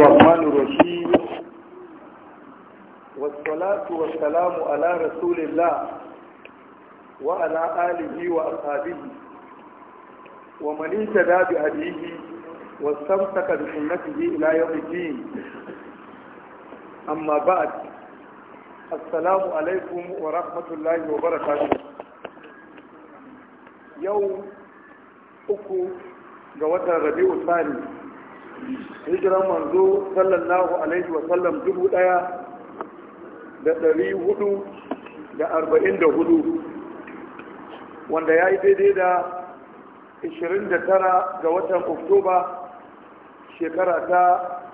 الرحمن الرحيم والصلاة والسلام على رسول الله وعلى آله وأصحابه ومن انتدى بهديه واستمسك بسنته إلى يوم الدين أما بعد السلام عليكم ورحمة الله وبركاته يوم أكو جوات ربيع الثاني hijiran manzo sallallahu alaihi wa sallam dubu daya da dari hudu da arba'in da hudu wanda ya yi daidai da 29 ga watan oktoba shekara ta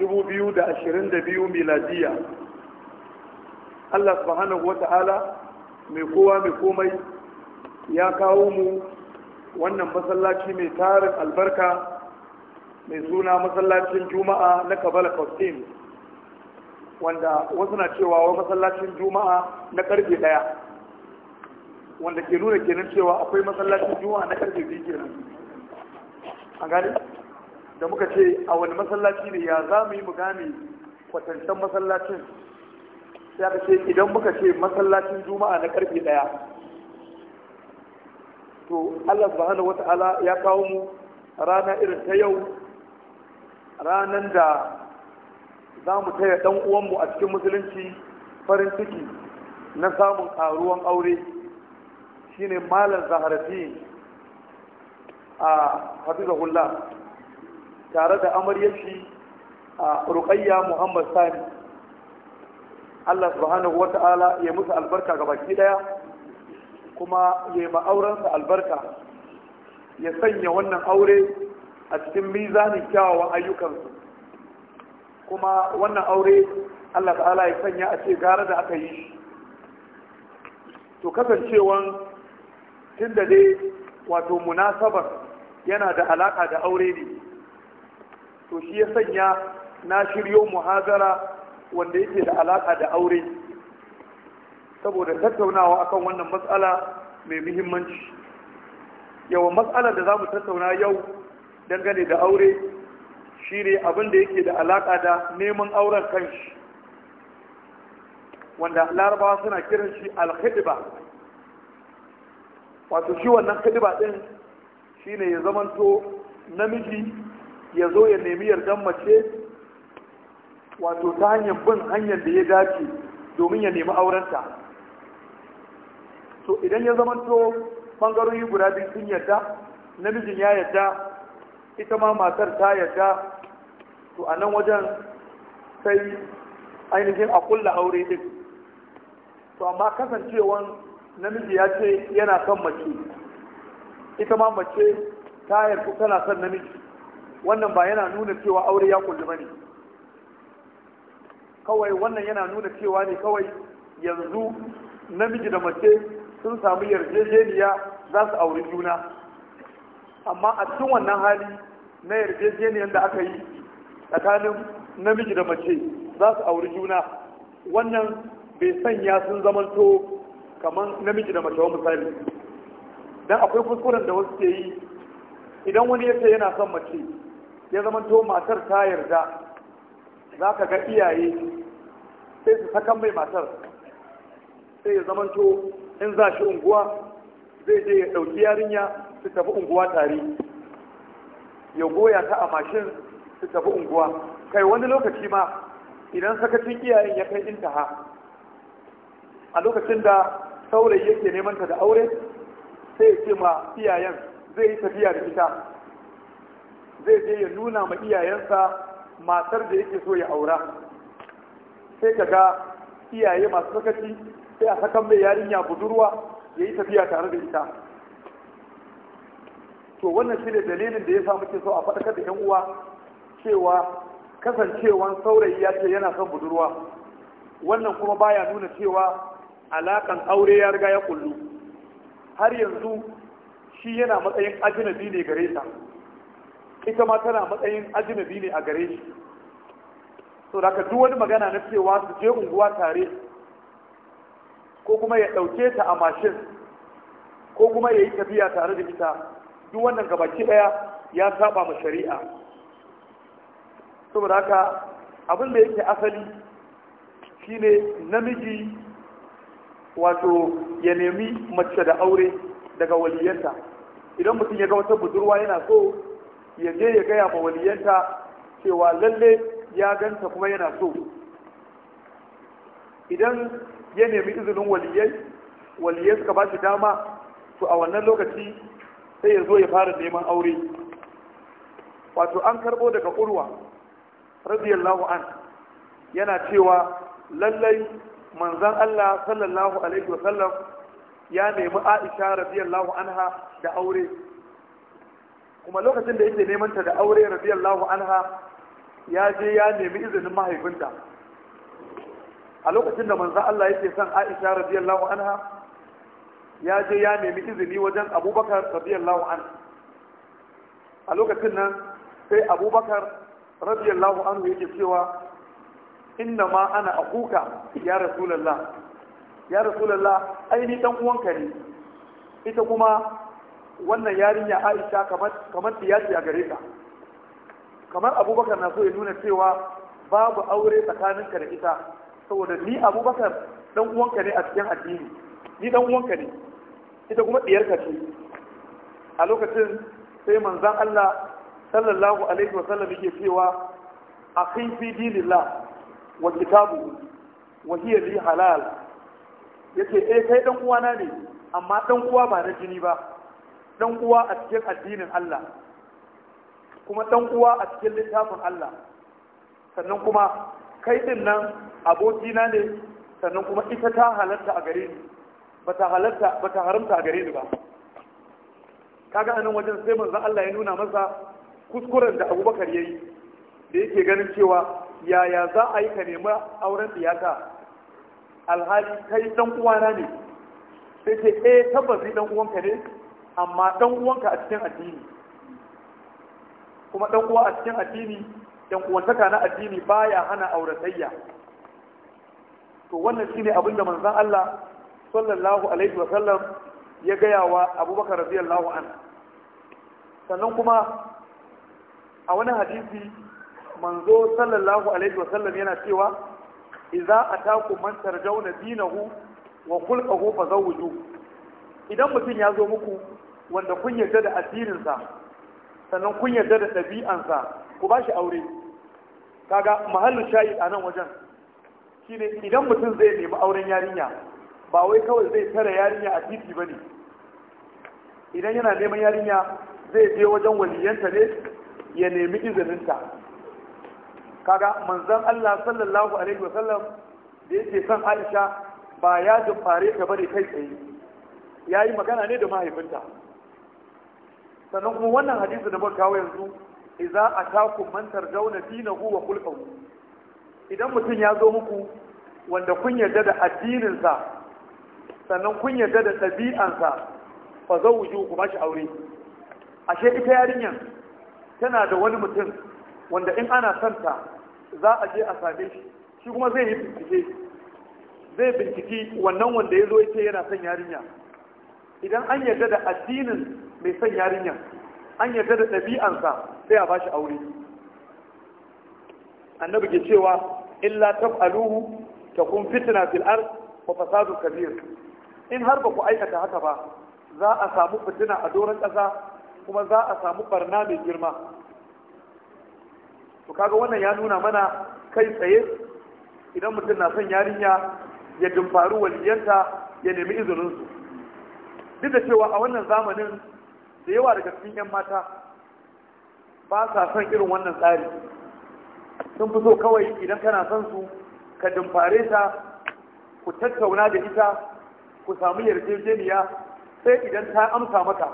2022 miladiya allah subhanahu wata'ala mai kowa mai komai ya kawo mu wannan masallaci mai tarin albarka mai suna masallacin juma'a na kabala kostin wanda wasu na cewa wa masallacin juma'a na karfe daya wanda ke nuna kenan cewa akwai masallacin juma'a na karfe biyu kenan a gani da muka ce a wani masallaci ne ya za mu yi mu gane kwatancen masallacin ya ka ce idan muka ce masallacin juma'a na karfe daya to allah subhanahu wata'ala ya kawo mu rana irin ta yau ranar da za mu taya ɗan uwanmu a cikin musulunci farin ciki na samun ƙaruwan aure shine malam zaharafi a hafizahullah tare da shi a ruƙayya muhammad sani allah subhanahu wa ta'ala ya musu albarka ga baki ɗaya kuma ya yi ma'auransa albarka ya sanya wannan aure a cikin mizanin kyawawan ayyukansu kuma wannan aure Allah ta'ala ya sanya a ce gara da aka yi to kasancewan tun da dai wato munasabar yana da alaka da aure ne to shi ya sanya na shiryo muhazara wanda yake da alaka da aure saboda tattaunawa akan wannan matsala mai muhimmanci yawan matsalar da za mu tattauna yau dangane da aure shi ne abin da yake da alaƙa da neman auren kanshi wanda larabawa suna kiran shi alhidiba wato shi wannan hidiba ɗin shi ne ya zamanto namiji ya zo ya nemi yardan mace wato ta hanyar bin hanyar da ya dace domin ya nemi aurenta To idan ya zamanto ɓangarori guda biyu sun yarda namijin ya yarda ita ma matar ta yarda to a nan wajen sai ainihin a kulla aure din to amma kasancewan namiji ya ce yana son mace ita ma mace ta yarda tana son namiji wannan ba yana nuna cewa aure ya kulli bane kawai wannan yana nuna cewa ne kawai yanzu namiji da mace sun samu yarjejeniya za su auri juna amma a cikin wannan hali na yarjejeniyar da aka yi tsakanin namiji da mace za su auri juna wannan bai sanya sun zamanto kamar namiji da mace wa misali don akwai kuskuren da wasu ke yi idan wani ya ce yana son mace ya zamanto matar ta yarda za ka ga iyaye sai su sakan mai matar sai ya zamanto in za shi unguwa zai je ya ɗauki yarinya su tafi unguwa tare ya goya ta a mashin su tafi unguwa kai wani lokaci ma idan sakacin iyayen ya kai intaha a lokacin da saurayi yake neman ta da aure sai ce ma iyayen zai yi tafiya da ita zai je ya nuna ma iyayensa matar da yake so ya aura sai ka ga iyaye masu sakaci sai a sakan mai yarinya budurwa ya yi tafiya tare da ita to wannan shine dalilin da ya sa muke so a faɗakar da yan uwa cewa kasancewan saurayi ya ce yana son budurwa wannan kuma baya nuna cewa alakan aure ya riga ya kullu har yanzu shi yana matsayin ajinabi ne gare ta ita ma tana matsayin ajinabi ne a gare shi so da duk wani magana na cewa su je unguwa tare ko kuma ya ɗauke ta a mashin ko kuma ya yi tafiya tare da ita duk wannan gabaki daya ya saba ma shari'a saboda haka abin da yake asali shine namiji wato ya nemi mace da aure daga waliyanta idan mutum ya ga wata budurwa yana so ya je ya gaya ma waliyanta cewa lalle ya ganta kuma yana so idan ya nemi izinin waliyai waliyai suka ba shi dama to a wannan lokaci sai ya zo ya fara neman aure wato an karbo daga urwa radiyallahu an yana cewa lallai manzan Allah sallallahu alaihi wasallam ya nemi Aisha radiyallahu anha da aure kuma lokacin da yake neman ta da aure radiyallahu anha ya je ya nemi izinin mahaifinta a lokacin da manzan Allah yake son Aisha radiyallahu anha ya je ya nemi izini wajen abubakar radiyallahu an a lokacin nan sai abubakar radiyallahu an yake cewa inna ma ana akuka ya rasulallah ya rasulallah aini dan uwanka ne ita kuma wannan yarinya aisha kamar kamar tiyaci a gare ta kamar abubakar na so ya nuna cewa babu aure tsakaninka da ita saboda ni abubakar dan uwanka ne a cikin addini ni dan uwanka ne ita kuma ɗiyarka ce a lokacin sai manzan Allah sallallahu alaihi wasallam yake cewa a kai fi dinillah wa kitabu wa hiya li halal yace eh kai dan uwana ne amma dan uwa ba na jini ba dan uwa a cikin addinin Allah kuma dan uwa a cikin littafin Allah sannan kuma kai din nan abokina ne sannan kuma ita ta halatta a gare ni Ba ta haramta a gare ni ba kaga anan wajen sai manzon Allah ya nuna masa kuskuren da Abubakar ya yi da yake ganin cewa yaya za a yi ka nemi auren diyaka alhali kai dan uwana ne sai ce eh tabbas ni dan uwanka ne amma dan uwanka a cikin addini kuma dan uwa a cikin addini dan uwantaka na addini baya hana auratayya to wannan shine abin da manzan Allah sallallahu alaihi wasallam ya gaya wa abubakar radiyallahu an sannan kuma a wani hadisi manzo sallallahu alaihi wasallam yana cewa idza ataku man tarjauna dinahu wa khulquhu fazawwiju idan mutum ya zo muku wanda kun yarda da addininsa sannan kun yarda da ɗabi'ansa ku ba shi aure kaga mahallin shayi a nan wajen shine idan mutum zai nemi auren yarinya ba wai kawai zai tara yarinya a titi ba ne idan yana neman yarinya zai je wajen waliyanta ne ya nemi izininta kaga manzan Allah sallallahu alaihi wasallam da yake son Aisha ba ya dumfare ta bane kai tsaye ya yi magana ne da mahaifinta sannan kuma wannan hadisi da muka kawo yanzu a taku mantar tarjawna dinahu wa khulquhu idan mutum ya zo muku wanda kun yarda da addininsa sannan kun yarda da ɗabi'ansa fa zawuju ku bashi aure ashe ita yarinyar tana da wani mutum wanda in ana santa za a je a same shi shi kuma zai yi bincike zai binciki wannan wanda ya zo ya yana son yarinya idan an yarda da addinin mai son yarinya an yarda da ɗabi'ansa sai a bashi aure annabi ke cewa illa taf'aluhu takun fitna fil ard wa fasadu kabir in har ba ku aikata haka ba za a samu fitina a doron ƙasa kuma za a samu barna mai girma to kaga wannan ya nuna mana kai tsaye idan mutum na son yarinya ya dumfaru waliyanta ya nemi izininsu duk da cewa a wannan zamanin da yawa daga cikin 'yan mata ba sa son irin wannan tsari sun fi so kawai idan kana son su ka dumfare ta ku tattauna da ita ku samu yarjejeniya sai idan ta amsa maka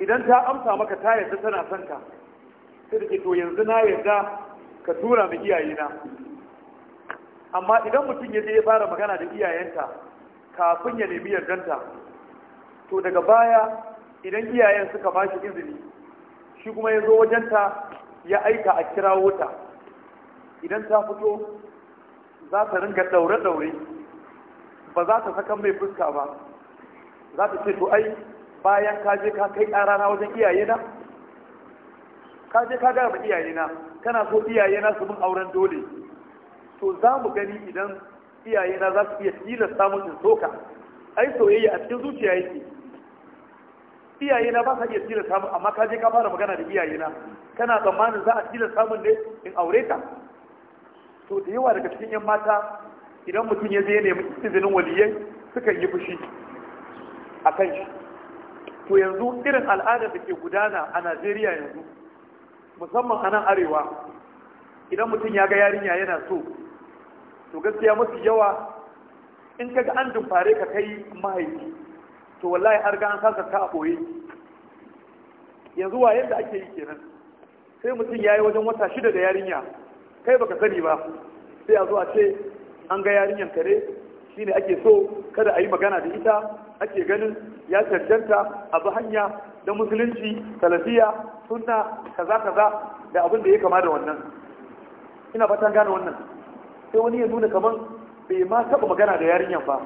idan ta amsa maka ta yarda tana son ka sai da ke to yanzu na yarda ka tura mu iyaye na. amma idan mutum ya je ya fara magana da iyayenta kafin ya nemi yardanta to daga baya idan iyayen suka ba shi izini shi kuma ya zo wajenta ya aika a kirawo ta idan ta fito za ta ringa daure-daure ba za ta saka mai fuska ba za ta ce to ai bayan ka je ka kai ƙarana wajen iyaye na ka je ka gaya ma iyaye na kana so iyaye na su mun auren dole to za mu gani idan iyaye na za su iya tilar samun in soka ai soyayya a cikin zuciya yake iyaye na ba sa iya tilar samun amma ka je ka fara magana da iyaye na kana tsammanin za a tilar samun ne in aure ka to da yawa daga cikin yan mata idan mutum ya je ya nemi izinin waliyai sukan yi fushi a kan shi to yanzu irin al'adar da ke gudana a najeriya yanzu musamman a nan arewa idan mutum ya ga yarinya yana so to gaskiya mafi yawa in ka ga an dumfare ka kai mahaifi to wallahi har ga an ka a ɓoye yanzu wa yadda ake yi kenan sai mutum ya yi wajen wata shida da yarinya kai baka sani ba sai a zo a ce an ga yarinyar kare shine ake so kada a yi magana da ita ake ganin ya cancanta abu hanya da musulunci talafiya sunna kaza kaza da abin da ya kama da wannan ina fatan gane wannan sai wani ya nuna kamar bai ma taba magana da yarinyar ba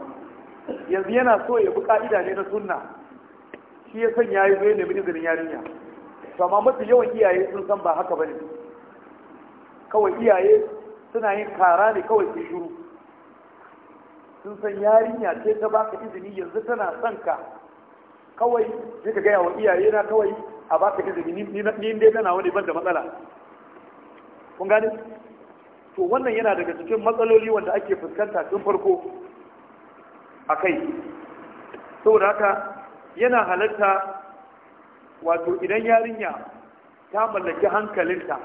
yanzu yana so ya bi ka'ida ne na sunna shi ya san ya zo ya nemi izinin yarinya to amma mafi yawan iyaye sun san ba haka ba ne. kawai iyaye suna yin kara ne kawai su shiru sun san yarinya ce ta baka izini yanzu tana son ka kawai sai ka gaya wa iyaye na kawai a baka izini ni dai tana wani ban da matsala kun gane to wannan yana daga cikin matsaloli wanda ake fuskanta tun farko a kai saboda haka yana halatta wato idan yarinya ta mallaki hankalinta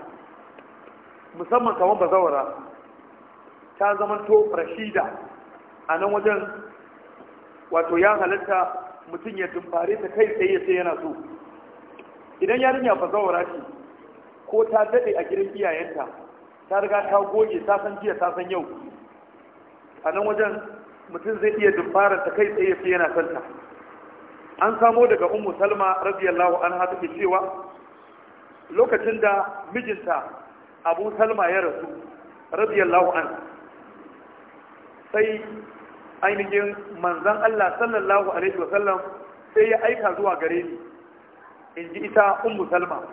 musamman kamar bazawara ta zamanto rashida a nan wajen wato ya halatta mutum ya tumfare ta kai tsaye sai yana so idan yarinya ba zawara ce ko ta daɗe a gidan iyayenta ta riga ta goge ta san jiya ta san yau a nan wajen mutum zai iya dumfarar ta kai tsaye sai yana santa an samo daga ummu salma radiyallahu anha ke cewa lokacin da mijinta abu salma ya rasu radiyallahu an sai ainihin manzan Allah sallallahu alaihi wasallam sai ya aika zuwa gare ni in ji ita Umu salma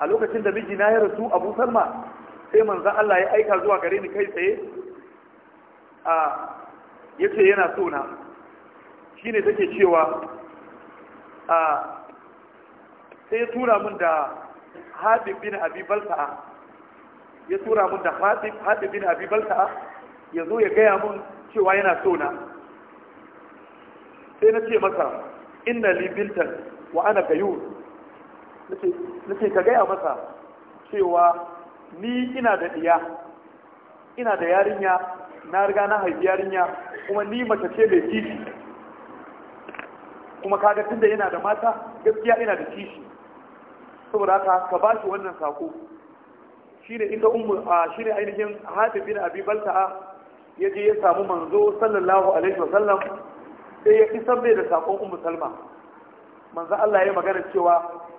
a lokacin da mijina ya rasu abu salma sai manzan Allah ya aika zuwa gare ni kai tsaye a ce yana so na shine take cewa a sai ya tura min da Habib bin Abi ya tura min da Habib bin Abi ya zo ya gaya min cewa yana so na sai na ce masa inna li bintan, wa ana Na ce ka gaya masa cewa ni ina da ɗiya, ina da yarinya na riga na haifi yarinya kuma ni mace ce mai kishi kuma ka ga tunda yana da mata gaskiya ina da kishi saboda haka ka ba shi wannan sako ne inda shi ne ainihin hatifin bin abi ya je ya samu manzo sallallahu alaihi wasallam sai ya isar mai da sakon ummu salma manzo Allah ya magana cewa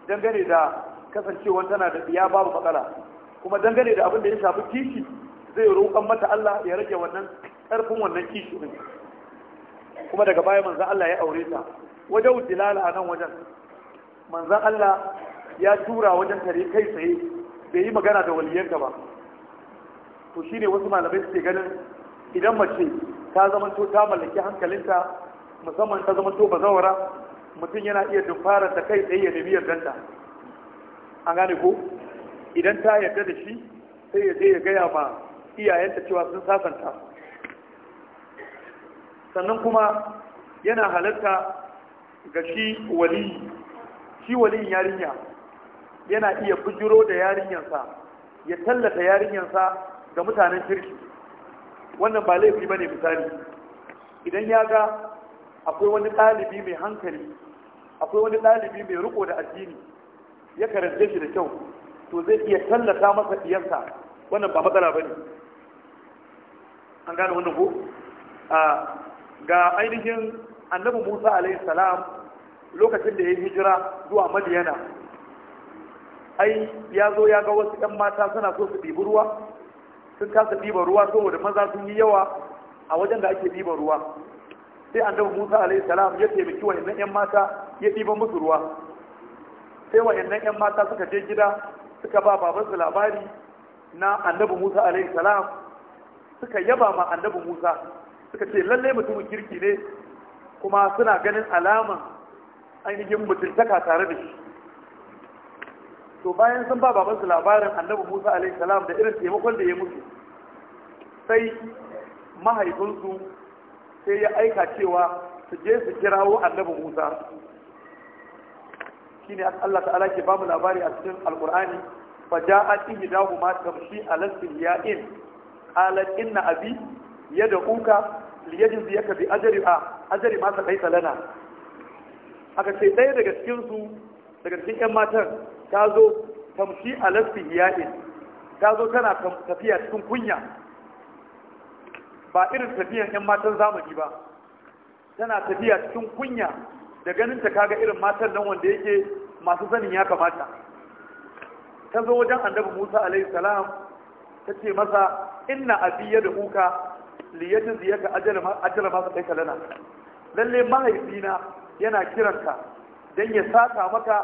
dangane da kasancewa tana da biya babu matsala kuma dangane da abin da ya shafi kishi zai roƙon mata Allah ya rage wannan ƙarfin wannan kishi din kuma daga baya manzo Allah ya aure ta wajen dilala nan wajen manzo Allah ya tura wajen tare kai tsaye bai yi magana da waliyanta ba to shine wasu malamai suke ganin idan mace ta zamanto ta mallaki hankalinta musamman ta zamanto bazawara mutum yana iya dumfara ta kai tsaye ya nemi yardanta an gane ko idan ta yarda da shi sai ya je ya gaya ba iyayenta cewa sun sasanta sannan kuma yana halarta ga shi waliyi shi waliyin yarinya yana iya bujiro da yarinyansa ya tallata yarinyansa ga mutanen kirki wannan ba laifi bane misali idan ya ga akwai wani ɗalibi mai hankali akwai wani ɗalibi mai riko da addini ya karanta shi da kyau to zai iya tallata masa ɗiyarsa wannan ba matsala bane an gane wannan ko ga ainihin annabi Musa alaihi salam lokacin da ya hijira zuwa Madiyana ai ya zo ya ga wasu 'yan mata suna so su ɗibi ruwa sun kasa ɗiban ruwa saboda maza sun yi yawa a wajen da ake ɗiban ruwa sai annabi Musa alaihi salam ya taimaki wa'annan ƴan mata ya ɗiban musu ruwa sai wa'annan ƴan mata suka je gida suka ba babansu labari na annabi Musa alaihi salam suka yaba ma annabi Musa suka ce lalle mutumin kirki ne kuma suna ganin alaman ainihin mutuntaka tare da shi to bayan sun ba babansu labarin annabi musa alaihi salam da irin taimakon da ya musu sai mahaifinsu sai ya aika cewa su je su kirawo annabi musa shine Allah ta'ala ke ba mu labari a cikin alkur'ani fa ja'at ihdahu ma tamshi ala sihya'in qalat inna abi yad'uka liyajziyaka bi ajri a ajri ma kai salana aka ce ɗaya daga cikin su daga cikin 'yan matan ta zo tamshi a lafi tana tafiya cikin kunya ba irin tafiyan 'yan matan zamani ba tana tafiya cikin kunya da ganin ta kaga irin matan nan wanda yake masu sanin ya kamata ta zo wajen annabi musa alaihi salam ta ce masa inna biya da uka liyatin ziyarka ajiyar masu kai kalana lalle mahaifina yana kiranka don ya saka maka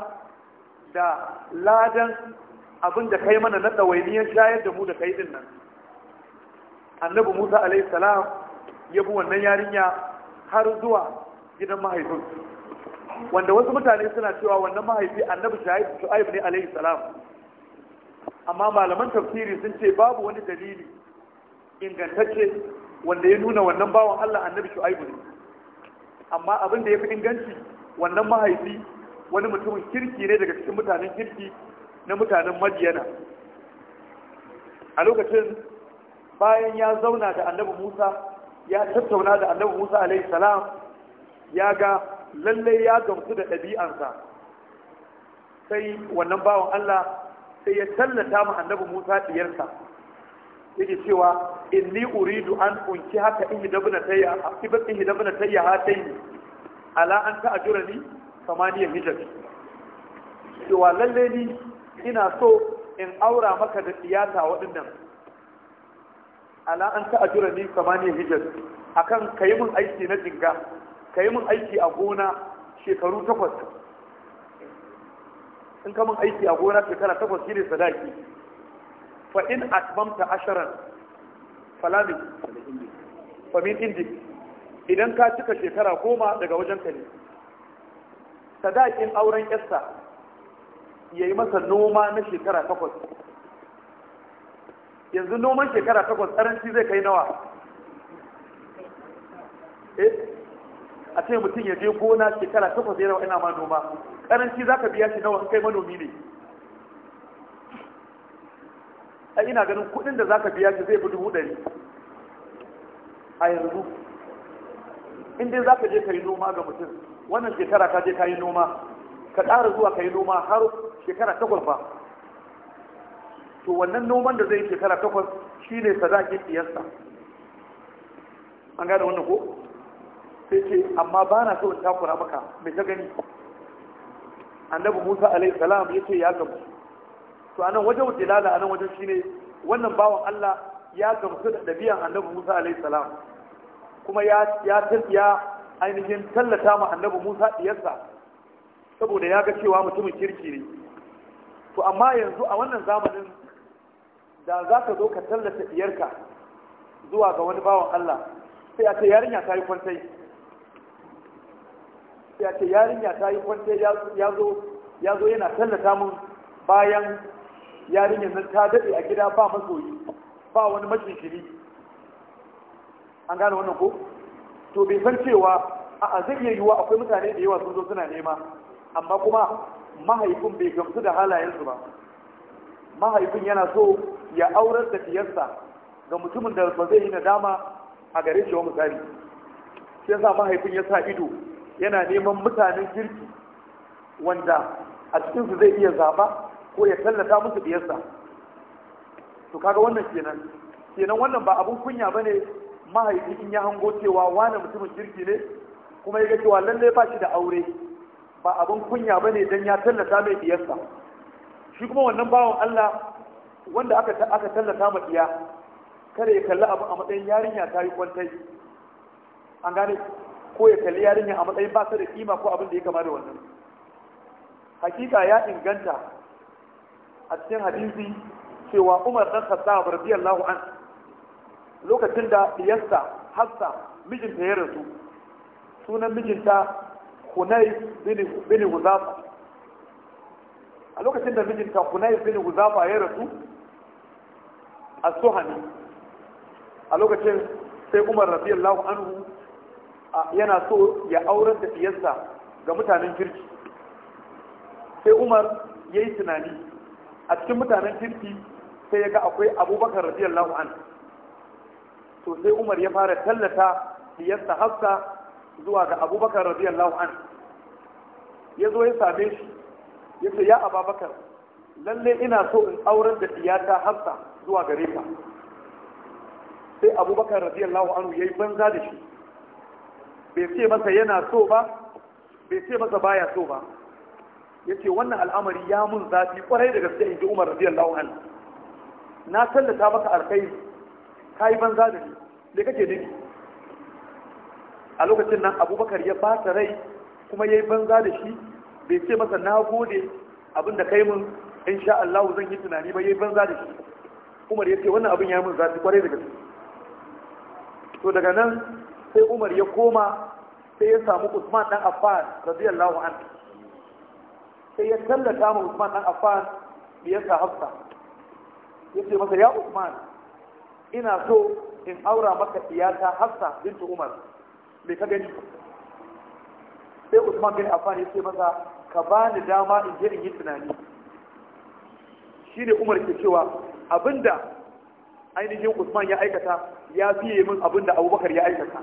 da ladan abin da kai mana na ɗawainiyar shayar da mu da kai din nan annabi musa alaihi salam ya bi wannan yarinya har zuwa gidan mahaifin wanda wasu mutane suna cewa wannan mahaifi annabi shu'aib ne alaihi salam amma malaman tafsiri sun ce babu wani dalili ingantacce wanda ya nuna wannan bawan Allah annabi shu'aibu ne amma abin da ya fi inganci wannan mahaifi wani mutumin kirki ne daga cikin mutanen kirki na mutanen madiyana a lokacin bayan ya zauna da annabi musa ya tattauna da annabi musa alaihi salam ya ga lallai ya gamsu da ɗabi'ansa sai wannan bawan allah sai ya tallata ma annabi musa ɗiyarsa yake cewa inni uridu an unki haka dabna tayya ihdabna tayya hataini ala an ni? samaniya mitar cewa lalle ni ina so in aura maka da siyasa waɗannan ala an ta'ajura ni samaniya mitar ka yi min aiki na jinga yi min aiki a gona shekaru takwas in ka min aiki a gona shekara takwas shine sadaki fa in atmamta asharan falamin famin indi idan ka cika shekara goma daga wajen ka ne sadakin auren yarsa ya yi masa noma na shekara takwas yanzu noman shekara takwas ƙaranci zai kai nawa eh, a ce mutum ya je gona shekara takwas yana ina ma noma Ƙaranci za ka biya shi nawa kai manomi ne a ina ganin kudin da za ka biya shi zai fi dubu ɗari a yanzu in dai za ka je ka yi noma ga mutum wannan shekara ka je ka yi noma ka ƙara zuwa ka yi noma har shekara takwas ba to wannan noman da zai yi shekara takwas shine sadakin diyarsa an gane wannan ko sai ce amma ba na so in takura maka mai ta gani annabi musa alaihi salam ya ce ya gamsu to anan wajen jilala anan wajen shine wannan bawan allah ya gamsu da ɗabi'an annabi musa alaihi salam kuma ya ya ainihin tallata ma annabi Musa diyarsa saboda ya ga cewa mutumin kirki ne to amma yanzu a wannan zamanin da za ka zo ka tallata diyarka zuwa ga wani bawan Allah sai a ce yarinya ta yi kwantai sai a ce yarinya ta yi kwantai ya zo yana tallata mun bayan yarinyar nan ta daɗe a gida ba masoyi ba wani mashin shiri an gane wannan ko to bai san cewa a zai iya yiwuwa akwai mutane da yawa sun zo suna nema amma kuma mahaifin bai gamsu da halayensu ba mahaifin yana so ya aurar da fiyarsa ga mutumin da ba zai yi nadama a gare shi wa misali shi yasa mahaifin ya sa ido yana neman mutanen kirki wanda a cikinsu zai iya zaba ko ya tallata musu fiyarsa to kaga wannan kenan kenan wannan ba abun kunya ba ne. mahaifi in ya hango cewa wani mutumin kirki ne kuma ya cewa lallai ba shi da aure ba abin kunya ba ne don ya tallata mai diyarsa shi kuma wannan bawan Allah wanda aka tallata ma diya kada ya kalli abu a matsayin yarinya ta yi kwantai an gane ko ya kalli yarinya a matsayin ba ta da kima ko abin da ya kama da wannan hakika ya inganta a cikin hadisi cewa Umar dan Khattab radiyallahu anhu lokacin da diyarsa hassa mijinta ya rasu sunan mijinta hunay bin huzafa a lokacin da mijinta hunay bin huzafa ya rasu a suhani a lokacin sai umar radiyallahu anhu yana so ya auren da diyarsa ga mutanen kirki sai umar ya yi tunani a cikin mutanen kirki sai ya ga akwai abubakar radiyallahu anhu to sai umar ya fara tallata diyarsa hafsa zuwa ga abubakar radiyallahu an ya zo ya same shi ya ce ya ababakar lalle ina so in auren da diyata hafsa zuwa gare ka sai abubakar radiyallahu anhu ya yi banza da shi bai ce masa yana so ba bai ce masa baya so ba ya ce wannan al'amari ya mun zafi kwarai da gaske in ji umar radiyallahu anhu na tallata maka alkhairi ka yi banza da ni da kake ne. a lokacin nan abubakar ya ta rai kuma ya yi banza da shi bai ce masa na gode abin da kai mun in sha Allah zan yi tunani ba ya yi banza da shi umar ya ce wannan abin ya mun zafi kwarai da gaske to daga nan sai umar ya koma sai ya samu usman dan affan radiyallahu anhu sai ya tallata ma usman dan affan da ya sa hafsa ya ce masa ya usman ina so in aura maka iyata hafsa bintu umar me ka gani sai usman bin affan ya ce masa ka bani dama in je in yi tunani shi ne umar ke cewa abinda ainihin usman ya aikata ya fiye min abinda abubakar ya aikata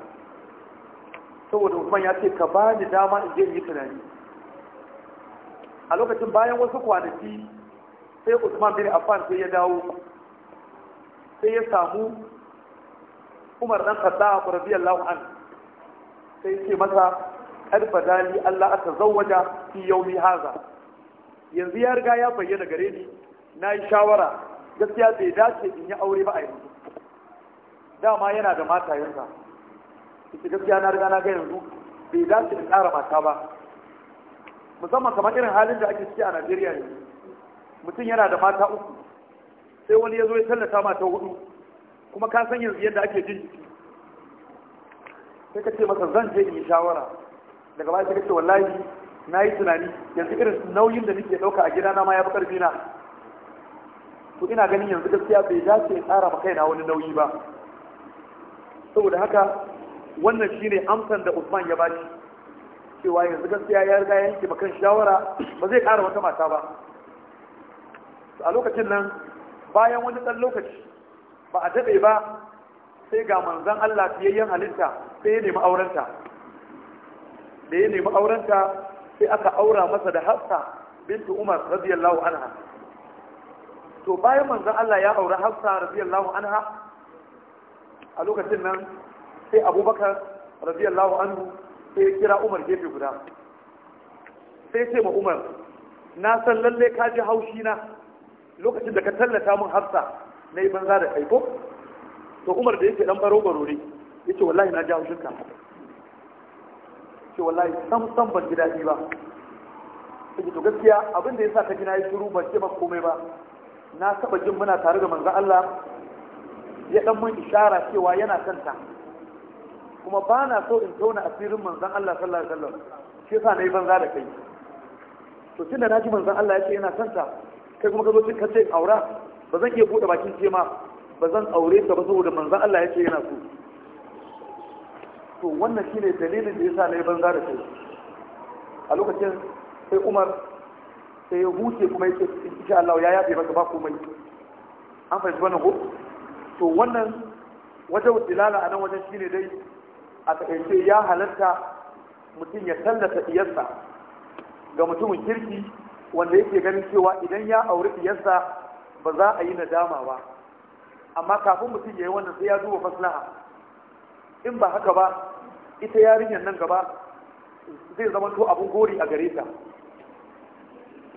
saboda usman ya ce ka bani dama in je in yi tunani a lokacin bayan wasu kwanaki sai usman bin affan sai ya dawo sai ya samu umar dan khattab radiyallahu an sai ce masa ƙarfa dali Allah aka zawwaja fi yawmi haza yanzu ya riga ya bayyana gare ni na yi shawara gaskiya bai dace in yi aure ba a yanzu dama yana da mata yanzu. ita gaskiya na riga na ga yanzu bai dace in ƙara mata ba musamman kamar irin halin da ake ciki a Najeriya yanzu mutum yana da mata uku sai wani ya zo ya tallata ma ta hudu kuma ka san yanzu yadda ake jin jiki sai ka ce masa zan je in yi shawara daga baya sai ka ce wallahi na yi tunani yanzu irin nauyin da nake ɗauka a gidana ma ya fi ƙarfi na to ina ganin yanzu gaskiya bai dace in tsara ma kaina wani nauyi ba saboda haka wannan shine amsan da Usman ya bashi cewa yanzu gaskiya ya riga yanke kan shawara ba zai ƙara wata mata ba a lokacin nan bayan wani ɗan lokaci ba a daɗe ba sai ga manzan Allah fiyayyen halitta sai ya nemi aurenta da ya nemi aurenta sai aka aura masa da hafsa bintu umar radiyallahu anha to bayan manzan Allah ya aura hafsa radiyallahu anha a lokacin nan sai abubakar radiyallahu anhu sai ya kira umar gefe guda sai ce ma umar na san lalle ka ji haushi na lokacin da ka tallata mun hafsa na yi banza da kai ko to umar da yake dan baro baro ne yace wallahi na ja hushinka ce wallahi sam sam ban ji daɗi ba sai to gaskiya abin da yasa ka ji na yi shiru ban ce ba komai ba na saba jin muna tare da manzo Allah ya dan mun isharar cewa yana santa kuma ba na so in tauna asirin manzon Allah sallallahu alaihi wasallam shi yasa na yi banza da kai to tunda ji manzon Allah ce yana santa kai kuma ka zo cin kace aura ba zan iya bude bakin ce ma ba zan aure ka ba saboda manzon Allah yake yana so to wannan shine dalilin da yasa na yi banza da kai a lokacin sai Umar sai ya huce kuma yake insha Allah ya yafe maka ba komai an fahimci wannan ko to wannan wajen dilala a nan wajen shine dai a takaice ya halatta mutum ya tallata iyarsa ga mutumin kirki wanda yake ganin cewa idan ya auri ɗiyarsa ba za a yi nadama ba amma kafin mutum ya yi wannan sai ya duba maslaha in ba haka ba ita yarinyar nan gaba zai zama to abun gori a gare ta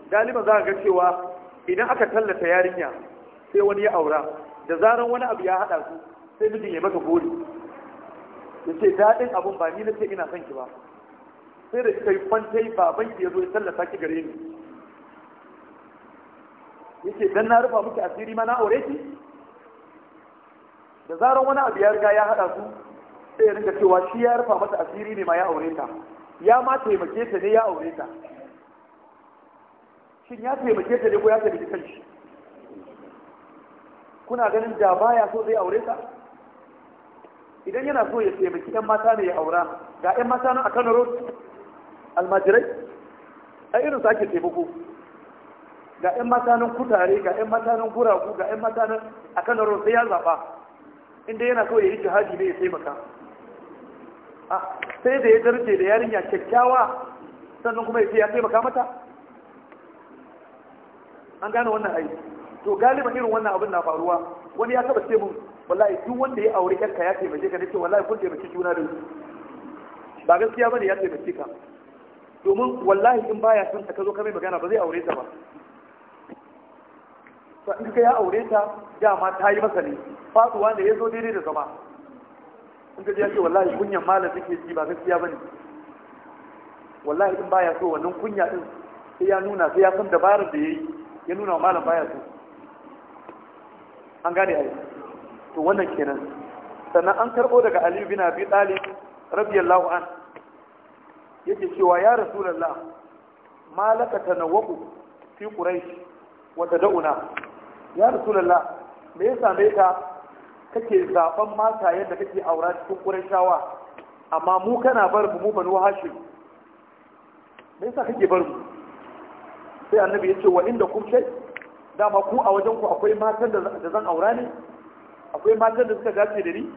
galiban za a ga cewa idan aka tallata yarinya sai wani ya aura da zaran wani abu ya haɗa su sai mijin ya maka gori ya ce daɗin abun ba ni na ce ina son ki ba sai da ita yi kwantai baban ki ya zo ya tallata ki gare ni yake dan na rufa miki asiri ma na aure ki da zaran wani abu ya riga ya hada su sai ya rinka cewa shi ya rufa mata asiri ne ma ya aure ta ya ma taimake ta ne ya aure ta shin ya taimake ta ne ko ya taimake kanshi kuna ganin da baya so zai aure ta idan yana so ya taimaki ɗan mata ne ya aura ga 'yan mata nan a kan road almajirai a irin sake taimako ga 'yan matanin kutare ga 'yan matanin guragu ga 'yan matanin a kan rawar sai ya zaɓa inda yana kawai ya yi jihadi ne ya taimaka sai da ya darje da yarinya kyakkyawa sannan kuma ya ce ya taimaka mata an gane wannan aiki to galiba irin wannan abin na faruwa wani ya taba ce mun wallahi duk wanda ya aure kanka ya taimake ka ne ce wallahi kun taimaki juna da ba gaskiya bane ya taimake ka domin wallahi in baya son ka zo ka mai magana ba zai aure ta ba to in ka ya aure ta dama ta yi masa ne faduwa ne ya zo daidai da zama in ka ya ce wallahi kunyan malam take ji ba gaskiya ba ne wallahi in baya so wannan kunya din sai ya nuna sai ya san dabarar da ya yi ya nuna wa malam baya so an gane yi, to wannan kenan sannan an karbo daga aliyu bin abi talib radiyallahu an yake cewa ya rasulullah malaka tanawwu fi quraish wa tad'una ya rasulallah me ya same ka kake zaben mata yadda kake aura cikin shawa? amma mu kana bar mu mu banu hashim me yasa kake bar mu sai annabi ya ce wa inda kun shai dama ku a wajen ku akwai matan da zan aura ne akwai matan da suka dace da ni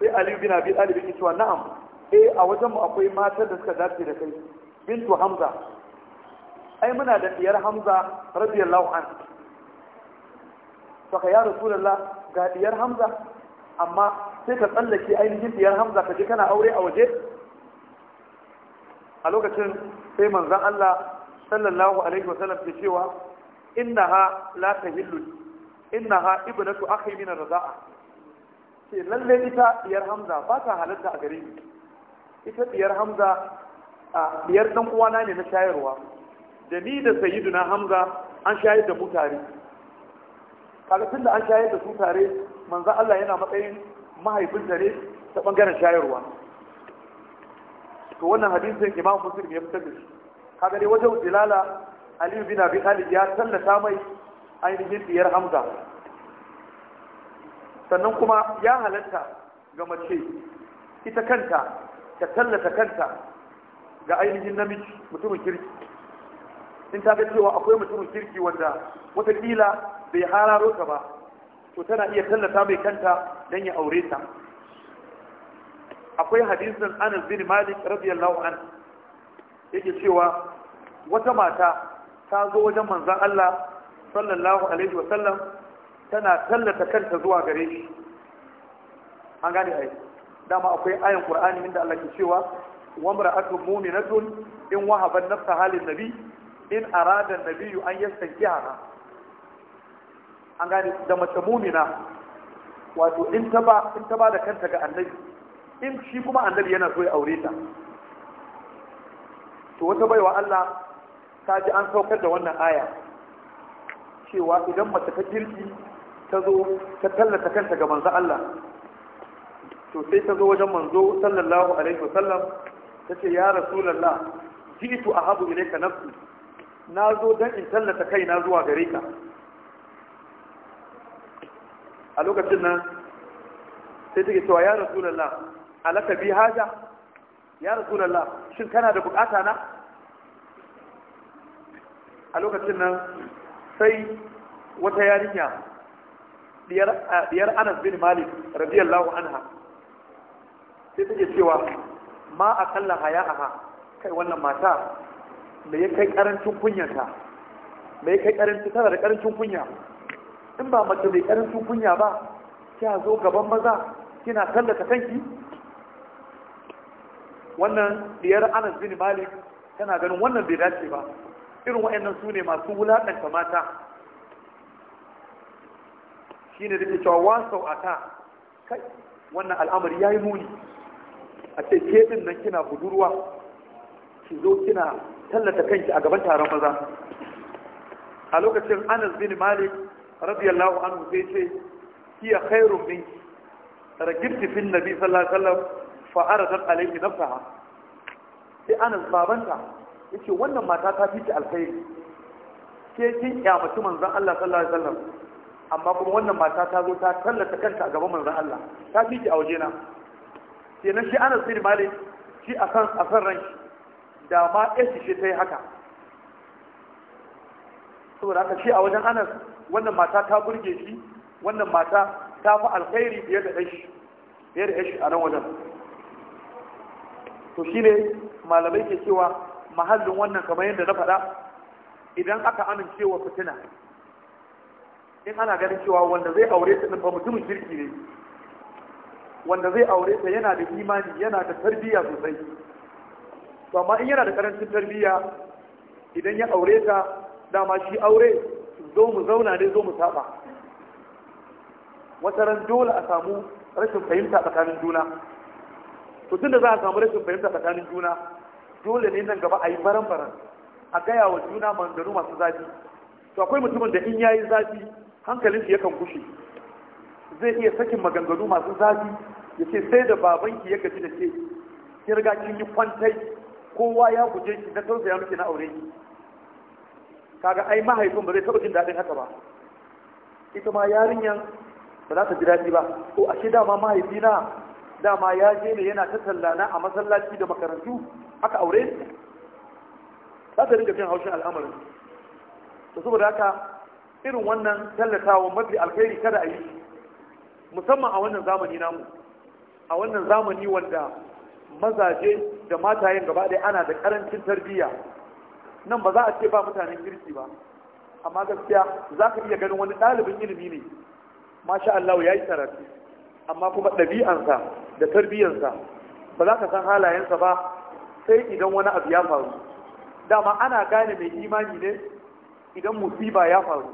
sai aliyu bin abi talib yake cewa na'am eh a wajen mu akwai matan da suka dace da kai bintu hamza ai muna da ɗiyar hamza radiyallahu anhu saka ya rasulullah ga diyar hamza amma sai ka tsallake ainihin diyar hamza ka je kana aure a waje a lokacin sai manzan Allah sallallahu alaihi wasallam ke cewa ha la Inna ha ibnatu akhi min ar-rida'a ce lalle ita diyar hamza ba ta halatta a gare ni ita diyar hamza a diyar dan uwana ne na shayarwa da ni da sayyiduna hamza an shayar da mutane kaga tunda an shayar da su tare manzo Allah yana matsayin mahaifin dare ne ta bangaren shayarwa to wannan hadisin Imam Muslim ya fitar da shi kaga dai wajen dilala Ali bin Abi Talib ya tallata mai ainihin biyar Hamza sannan kuma ya halatta ga mace ita kanta ta tallata kanta ga ainihin namiji mutumin kirki in ta ga cewa akwai mutumin kirki wanda watakila bai hararo ta ba to tana iya tallata mai kanta don ya aure ta akwai hadisin anas bin malik radiyallahu an yake cewa wata mata ta zo wajen manzan Allah sallallahu alaihi wasallam tana tallata kanta zuwa gare shi an gane ai dama akwai ayan qur'ani inda Allah ke cewa wa mar'atun mu'minatun in wahaban nafsa halin nabi in aradan nabiyu an yastankiha an gane da mace mumina wato in ta ba in ta ba da kanta ga annabi in shi kuma annabi yana so ya aure ta to wata baiwa Allah ta ji an saukar da wannan aya cewa idan mace ta girki ta zo ta tallata kanta ga manzo Allah to sai ta zo wajen manzo sallallahu alaihi wasallam ta ce ya rasulullah jitu ahabu ilayka nafsi na zo don in tallata kai na zuwa gare ka a lokacin nan sai take cewa ya rasulallah alaka bi haja ya rasulallah shin kana da bukata na a lokacin nan sai wata yarinya diyar anas bin malik radiyallahu anha sai take cewa ma akalla haya'aha kai wannan mata me ya kai karancin kunyanta me ya kai karancin tana da karancin kunya in ba mace mai karancin kunya ba kia zo gaban maza kina tallata kanki wannan diyar anas bin malik tana ganin wannan bai dace ba irin wa'annan su ne masu wulaƙanta mata shi ne da ke cewa wasau a ta kai wannan al'amari ya yi muni a ce ɗin nan kina budurwa ki zo kina tallata kanki a gaban taron maza a lokacin anas bin malik radiyallahu anhu sai ce hiya khairun minki ragibti fil nabi sallallahu alaihi wasallam fa aradat alayhi nafsaha sai anas babanta yace wannan mata ta fi ki alkhairi ke kin kyamaci manzon Allah sallallahu alaihi wasallam amma kuma wannan mata ta zo ta tallata kanta a gaban manzon Allah ta fi ki a wajena kenan shi anas bin malik shi a akan ranki da ma ɗansu shi ta yi haka saboda haka ce a wajen anas wannan mata ta burge shi wannan mata ta fi alkhairi biyar da yashi biyar da yashi a nan wajen to shi ne malamai ke cewa mahallin wannan kamar yadda na faɗa idan aka amincewa fitina in ana ganin cewa wanda zai aure ta ba mutumin kirki ne wanda zai aure ta yana da imani yana da tarbiyya sosai to amma in yana da karancin tarbiyya idan ya aure ta dama shi aure zo mu zauna ne zo mu saba wata ran dole a samu rashin fahimta tsakanin juna to tunda za a samu rashin fahimta tsakanin juna dole ne nan gaba a yi baran-baran a gaya wa juna manzanu masu zafi to akwai mutumin da in yayi zafi hankalin shi yakan kushe zai iya sakin maganganu masu zafi ya ce sai da babanki ya gaji da ke ki riga kin yi kwantai kowa ya guje shi da tausaya miki na aure shi kaga ai mahaifin ba zai taɓa jin daɗin haka ba ita ma yarinyan ba za ta ji daɗi ba ko ce dama mahaifina dama ya je ne yana ta tallana a masallaci da makarantu aka aure shi za ta rika jin haushin al'amarin to saboda haka irin wannan tallatawa mafi alkhairi kada a yi musamman a wannan zamani namu a wannan zamani wanda mazaje da matayen gaba ɗaya ana da karancin tarbiyya nan ba za a ce ba mutanen kirki ba amma gaskiya za ka iya ganin wani ɗalibin ilimi ne masha Allah ya yi karatu amma kuma ɗabi'ansa da tarbiyyansa ba za ka san halayensa ba sai idan wani abu ya faru dama ana gane mai imani ne idan musiba ya faru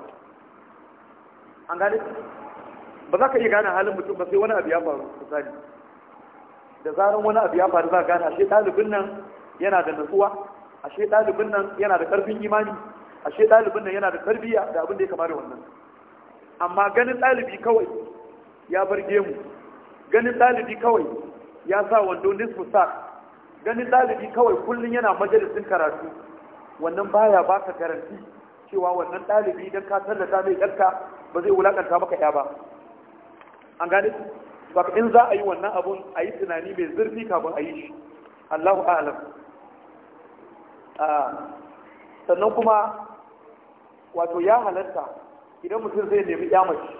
an gane ba za ka iya gane halin mutum ba sai wani abu ya faru misali da zaran wani abu ya faru za gane ashe ɗalibin nan yana da nutsuwa ashe ɗalibin nan yana da ƙarfin imani ashe ɗalibin nan yana da tarbiyya da abin da ya kama wannan amma ganin ɗalibi kawai ya bar gemu ganin ɗalibi kawai ya sa wando nisfu sa ganin ɗalibi kawai kullum yana majalisin karatu wannan baya baka garanti cewa wannan ɗalibi idan ka tallata mai ɗarka ba zai wulakanta maka ya ba an gane ba in za a yi wannan abun a yi tunani mai zurfi kafin a yi shi allahu alam sannan kuma wato ya halatta idan mutum zai nemi yamace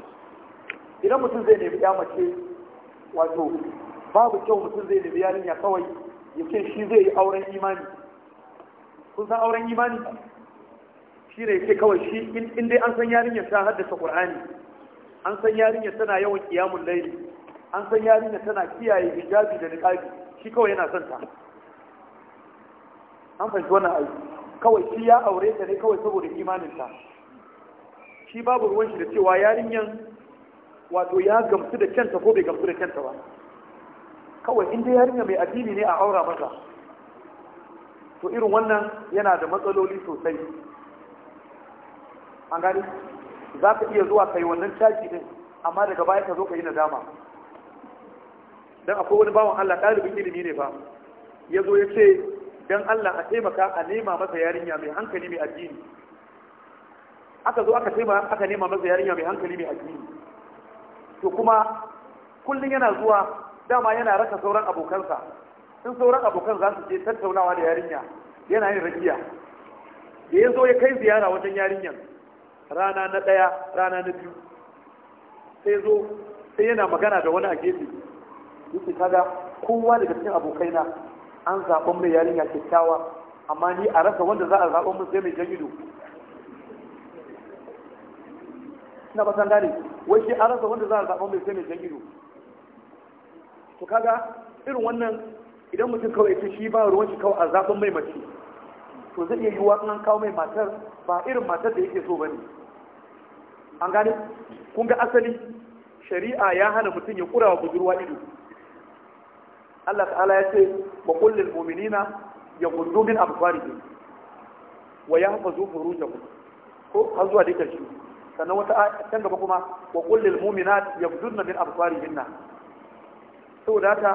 idan mutum zai nemi yamace wato babu kyau mutum zai nemi yarinya kawai ya ce shi zai yi auren imani kun san auren imani shi ne ke kawai shi in dai an san yarinya ta haddasa qur'ani an san yarinya tana yawan ƙiyamun laili an san yarinya tana kiyaye hijabi da niqabi shi kawai yana son ta an fahimci wannan ai kawai shi ya aure ta ne kawai saboda imanin imaninta shi babu ruwan shi da cewa yarinyan wato ya gamsu da kyanta ko bai gamsu da kyanta ba kawai in dai yarinya mai addini ne a aura mata to irin wannan yana da matsaloli sosai an gani za ka iya zuwa kai wannan caji din amma daga baya ka zo ka yi nadama dan akwai wani bawan Allah ɗalibin ilimi ne fa ya zo ya ce dan Allah a taimaka a nema masa yarinya mai hankali mai addini aka zo aka taimaka aka nema masa yarinya mai hankali mai addini to kuma kullum yana zuwa dama yana raka sauran abokansa in sauran abokan za su je tattaunawa da yarinya yana yin rakiya da ya zo ya kai ziyara wajen yarinyar rana na ɗaya rana na biyu sai zo sai yana magana da wani a gefe yake kaga kowa daga cikin abokaina an zaɓen mai yarinya kyakkyawa amma ni a rasa wanda za a zaɓen mai sai mai jan ido na ba san gane wai shi a rasa wanda za a zaɓen mai sai mai jan ido to kaga irin wannan idan mutum kawai ce shi ba ruwan shi kawai a zaɓen mai mace to zai iya wa an kawo mai matar ba irin matar da yake so ba ne an gane kun ga asali shari'a ya hana mutum ya kura wa budurwa ido Allah ta'ala ya ce wa kullil mu'minina yaghuddu min absarihim wa yahfazu furujahum ko har zuwa dukkan shi sannan wata can gaba kuma wa kullil mu'minat yaghudduna min absarihinna saboda haka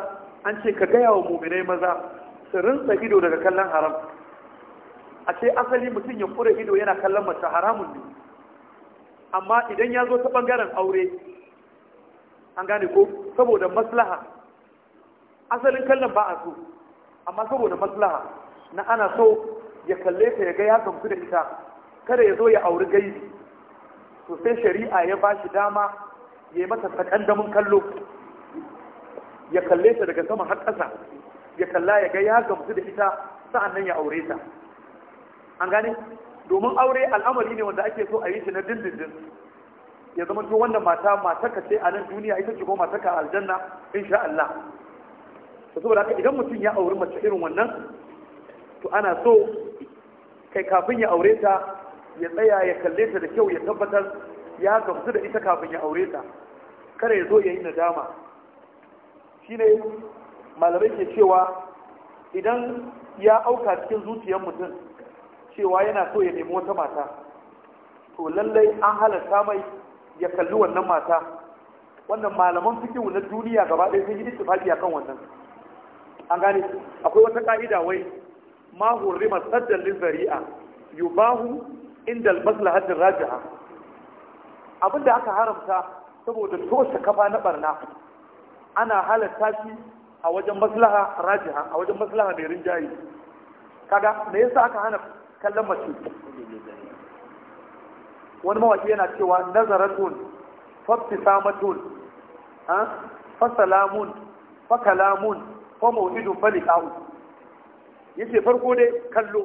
an ce ka gaya wa mu'minai maza su rinsa ido daga kallon haram a ce asali mutum ya kure ido yana kallon mace haramun ne amma idan ya zo ta bangaren aure an gane ko saboda maslaha asalin kallon ba a so amma saboda maslaha na ana so ya kalle ta ya ga ya gamsu da ita kada ya zo ya auri gaibi to sai shari'a ya ba shi dama ya yi mata damun kallo ya kalle ta daga sama har ƙasa ya kalla ya ga ya gamsu da ita sa'an nan ya aure ta an gane domin aure al'amari ne wanda ake so a yi shi na dindindin ya zama to wanda mata ka ce a nan duniya ita ce ko matarka aljanna insha Allah to da haka idan mutum ya auri mace irin wannan to ana so kai kafin ya aure ta ya tsaya ya kalle ta da kyau ya tabbatar ya gamsu da ita kafin ya aure ta kada ya zo ya yi nadama shine malamai ke cewa idan ya auka cikin zuciyar mutum cewa yana so ya nemi wata mata to lallai an halarta mai ya kalli wannan mata wannan malaman fikihu na duniya gaba ɗaya sun yi a kan wannan an gane akwai wata ka'ida wai ma hurrima saddan lil zari'a yubahu inda maslahatin raji'a abinda aka haramta saboda toshe kafa na barna ana halatta shi a wajen maslaha rajiha a wajen maslaha mai rinjaye kaga me yasa aka hana kallon mace wani mawaki yana cewa nazaratun ha fa salamun fa kalamun ko mawudu bali kawo yace farko dai kallo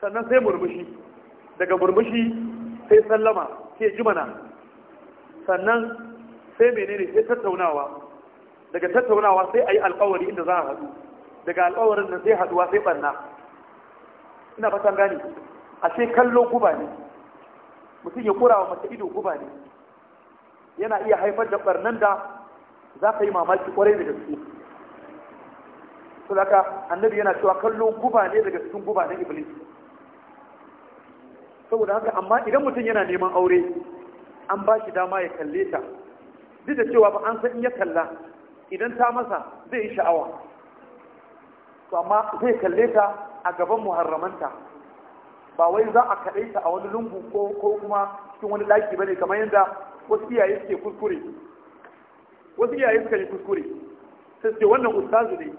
sannan sai murmushi daga murmushi sai sallama sai jimana sannan sai menene sai tattaunawa daga tattaunawa sai ayi alƙawari inda za a haɗu daga alƙawarin da sai haɗuwa sai ɓanna ina fatan gane sai kallo guba ne mutum ya kura wa mace ido guba ne yana iya haifar da barnan da za ka yi mamaki kwarai da gaske saboda annabi yana cewa kallon guba ne daga cikin guba na iblis saboda haka amma idan mutum yana neman aure an ba shi dama ya kalle ta duk da cewa ba an san in ya kalla idan ta masa zai yi sha'awa to amma zai kalle ta a gaban muharramanta ba wai za a kaɗai ta a wani lungu ko kuma cikin wani ba ne kamar yadda wasu iyaye suke kuskure wasu iyaye suka yi kuskure sai wannan ustazu ne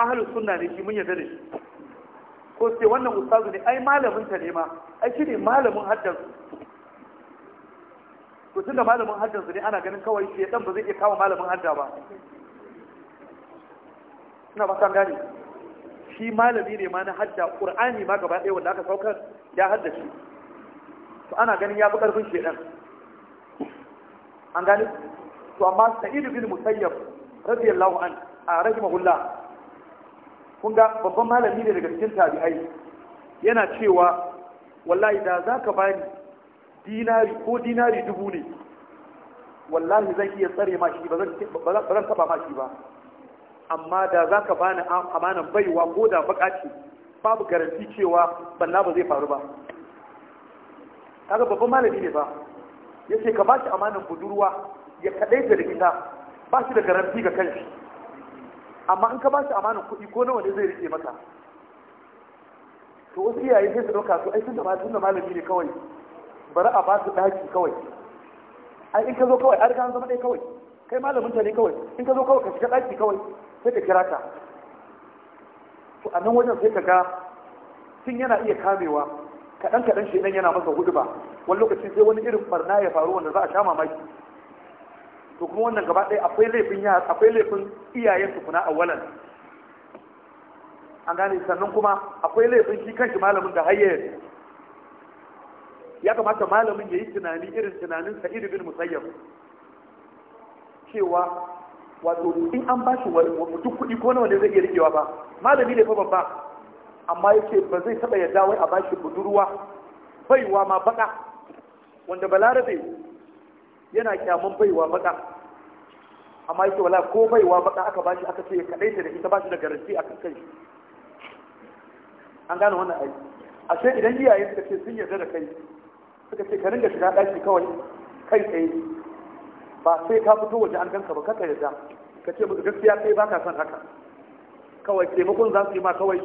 ahalus sunna ne shi mun yarda da shi ko sai wannan ustazu ne ai malamin ta ne ma ai shi ne malamin haddan to tunda malamin haddan ne ana ganin kawai shi dan ba zai iya kawo malamin hadda ba ina ba san gane shi malami ne ma na hadda qur'ani ma gaba ɗaya wanda aka saukar ya shi to ana ganin ya fi karfin dan an gani. to amma sa'id bin musayyab radiyallahu an a rahimahullah kun ga babban malami ne daga cikin tabi'ai yana cewa wallahi da za ka ba ni dinari ko dinari dubu ne wallahi zan iya tsare ma shi ba zan taba ma shi ba amma da za ka ba ni amanan baiwa ko da baka ce babu garanti cewa banna ba zai faru ba kaga babban malami ne ba yace ka bashi amanan budurwa ya kadaita da ita ba shi da garanti ga kanshi amma in ka ba shi amanar kuɗi ko nawa ne zai rike maka to wasu iyaye sai su ɗauka su ai tun tunda malami ne kawai bari a ba su ɗaki kawai ai in ka zo kawai an ka zama ɗaya kawai kai malamin ta ne kawai in ka zo kawai ka shiga ɗaki kawai sai ka kira ka to a nan wajen sai ka ga tun yana iya kamewa kaɗan kaɗan shi yana masa hudu ba wani lokaci sai wani irin barna ya faru wanda za a sha mamaki to kuma wannan gaba ɗaya akwai laifin ya akwai laifin iyayen tukuna a awalan an gane sannan kuma akwai laifin shi kanshi malamin da hayyar ya kamata malamin ya yi tunani irin tunanin sa'id bin musayyab cewa wato in an ba shi mutum kuɗi ko nawa ne zai iya rikewa ba malami ne fa babba amma yake ba zai taɓa yadda wai a ba shi budurwa baiwa ma baka wanda balarabe yana kyamun baiwa baka amma yake wala ko baiwa baka aka bashi aka ce ya kadaita da ita bashi da garanti akan kai an gane wannan ai ashe idan iyaye suka ce sun yarda da kai suka ce ka ringa shiga daki kawai kai tsaye ba sai ka fito waje an ganka ba kaka yarda ka ce musu gaskiya kai baka son haka kawai taimakon za su yi ma kawai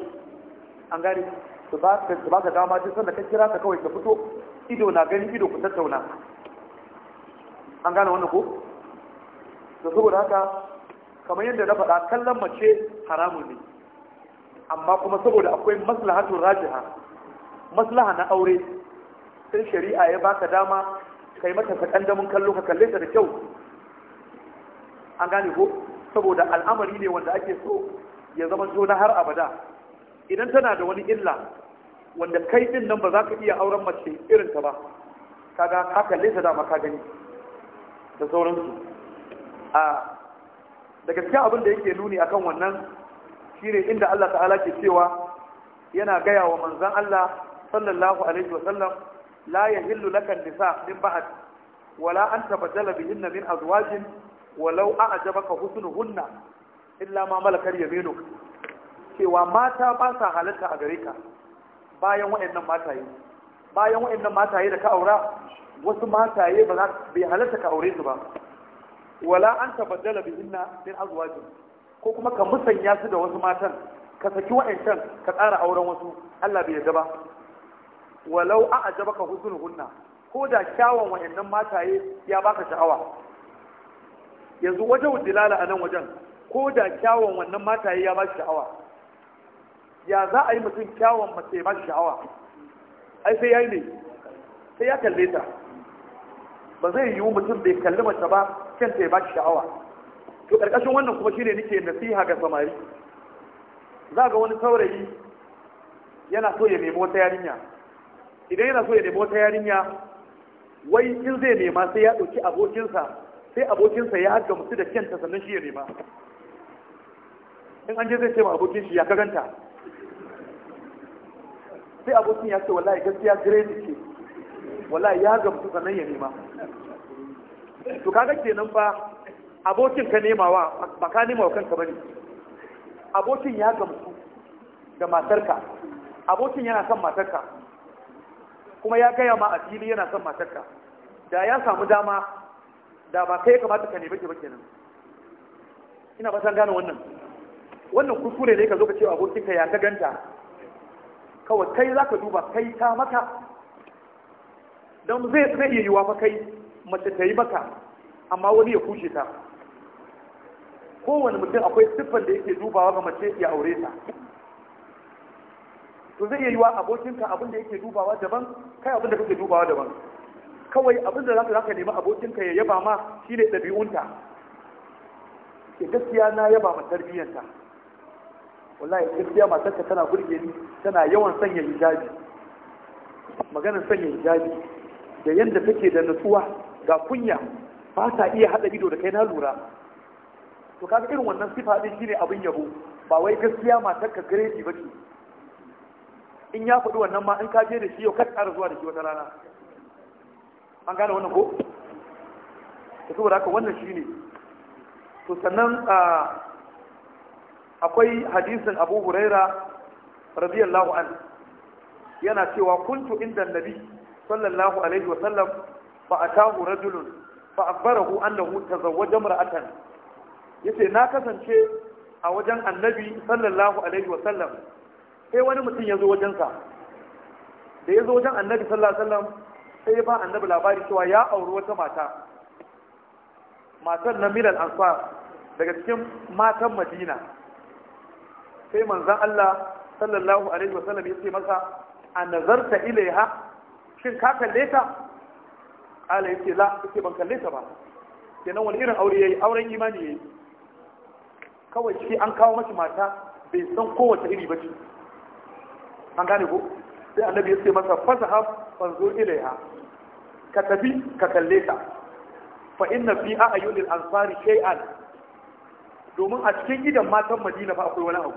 an gane su ba ka dama duk sanda ka kira ka kawai ka fito ido na gani ido ku tattauna an gane wannan ko to saboda haka kamar yadda na faɗa kallon mace haramun ne amma kuma saboda akwai maslahatun rajiha maslaha na aure sai shari'a ya baka dama kai mata sakandamin kallo ka kalle ta da kyau an gane ko saboda al'amari ne wanda ake so ya zama na har abada idan tana da wani illa wanda kai din nan ba za ka iya auren mace irin ta ba kaga ka kalle ta dama ka gani da sauransu a daga cikin abin da yake nuni akan wannan shine inda Allah ta'ala ke cewa yana gaya wa manzon Allah sallallahu alaihi wa sallam la yahillu laka nisa min ba'd wala an tabaddala bihinna min azwajin walau a'jabaka husnuhunna illa ma malakar yaminuk cewa mata ba sa halatta a gare ka bayan waɗannan mata yi. bayan wa'annan mataye da ka aura wasu mataye ba za bai halarta ka aure su ba wala an tabaddala bihinna min azwajin ko kuma ka musanya su da wasu matan ka saki wa'ancan ka tsara auren wasu Allah bai yarda ba walau a ajabaka husnuhunna ko da kyawun wa'annan mataye ya baka sha'awa yanzu wajen dilala a nan wajen ko da kyawun wannan mataye ya ba sha'awa ya za a yi mutum kyawun mace ba sha'awa ai sai ya yi ne sai ya kalle ta ba zai yiwu mutum bai kalli mace ba kanta ya ba shi sha'awa to ƙarƙashin wannan kuma shine nake nasiha ga samari za ga wani saurayi yana so ya nemi wata yarinya idan yana so ya nemi wata yarinya wai in zai nema sai ya ɗauki abokinsa sai abokinsa ya haɗa musu da kyanta sannan shi ya nema in an je zai ce ma abokin shi ya kaganta sai abokin ya ce wallahi gaskiya grade ce wallahi ya gamsu sannan ya nema to kaga kenan fa abokin ka wa ba ka wa kanka bane abokin ya gamsu da matarka abokin yana son matarka kuma ya gaya ma a fili yana son matarka da ya samu dama da ba kai ya kamata ka nemi ba kenan ina ba san gane wannan wannan kuskure ne ka zo ka ce abokin ka ya ka ganta kawai kai za ka duba kai ta maka don zai zai iya yiwa fa kai mace ta yi maka amma wani ya kushe ta kowane mutum akwai siffar da yake dubawa ga mace ya aure ta to zai iya yiwa abokinka abin da yake dubawa daban kai abin da kake dubawa daban kawai abin da za ka nemi abokinka ya yaba ma shine ɗabi'unta ke gaskiya na yaba ma tarbiyyanta wallahi gaskiya matarka tana burge ni tana yawan sanya hijabi maganar sanya hijabi da yadda take da nutsuwa ga kunya ba ta iya haɗa ido da kai na lura to kaga irin wannan sifa din shine abin yabo ba wai gaskiya matarka gareji ba ce in ya faɗi wannan ma in ka je da shi yau ka ƙara zuwa da shi wata rana an gane wannan ko to saboda haka wannan shine to sannan a ah, akwai hadisin abu huraira radiyallahu an yana cewa kuntu inda nabi sallallahu alaihi wa sallam fa atahu rajulun fa akbarahu annahu tazawwaja mar'atan yace na kasance a wajen annabi sallallahu alaihi wa sallam sai wani mutum ya zo wajen sa da ya zo wajen annabi sallallahu alaihi wa sallam sai ya ba annabi labari cewa ya auri wata mata matar na milal ansar daga cikin matan madina sai manzan Allah sallallahu alaihi wasallam ya ce masa a nazarta ilaiha shin ka kalle ta ala yace la yace ban kalle ta ba kenan wani irin aure yayi auren imani yayi kawai shi an kawo masa mata bai san kowace iri ba ce an gane ko sai annabi ya ce masa fazhab fanzur ilaiha ka tafi ka kalle ta fa inna fi a'yunil ansari shay'an domin a cikin gidan matan Madina fa akwai wani abu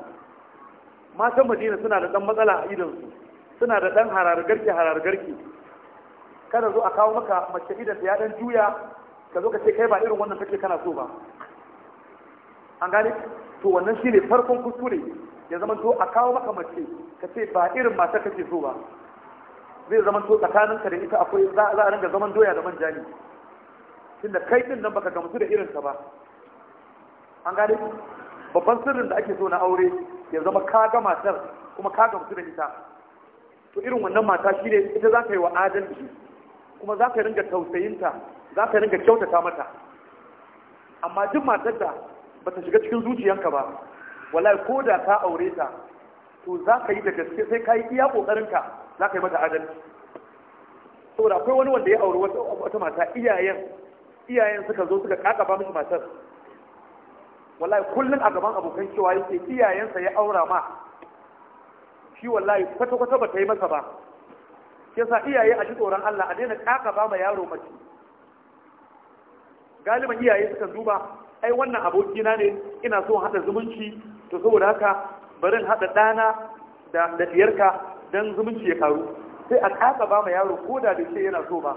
matan madina suna da dan matsala a idonsu suna da dan harar garki kada zo a kawo maka mace idan ya dan juya ka zo ka ce kai ba irin wannan kake kana so ba an gane to wannan shine farkon kuskure ya zama to a kawo maka mace ka ce ba irin mata kake so ba zai zama to tsakaninka da ita akwai za a ringa zaman doya da manja ne tunda kai din nan baka gamsu da irin ka ba an gane babban sirrin da ake so na aure ya zama ka ga matar kuma ka gamsu da ita to irin wannan mata shi ne ita za ka yi wa adalci kuma za ka ringa tausayinta za ka ringa kyautata mata amma duk matar da ba ta shiga cikin zuciyanka ba wallahi ko da ka aure ta to za ka yi da gaske sai ka yi iya kokarinka za ka yi mata adalci saboda akwai wani wanda ya aure wata mata iyayen iyayen suka zo suka kakaba mishi matar wallahi kullum a gaban abokan cewa yake iyayensa ya aura ma shi wallahi kwata-kwata ba ta yi masa ba ke sa iyaye a ji tsoron Allah a daina ƙaƙa ba ma yaro mace galiban iyaye suka duba ai wannan abokina ne ina so haɗa zumunci to saboda haka barin haɗa ɗana da ɗiyarka don zumunci ya karu sai a ƙaƙa ba ma yaro ko da da ce yana so ba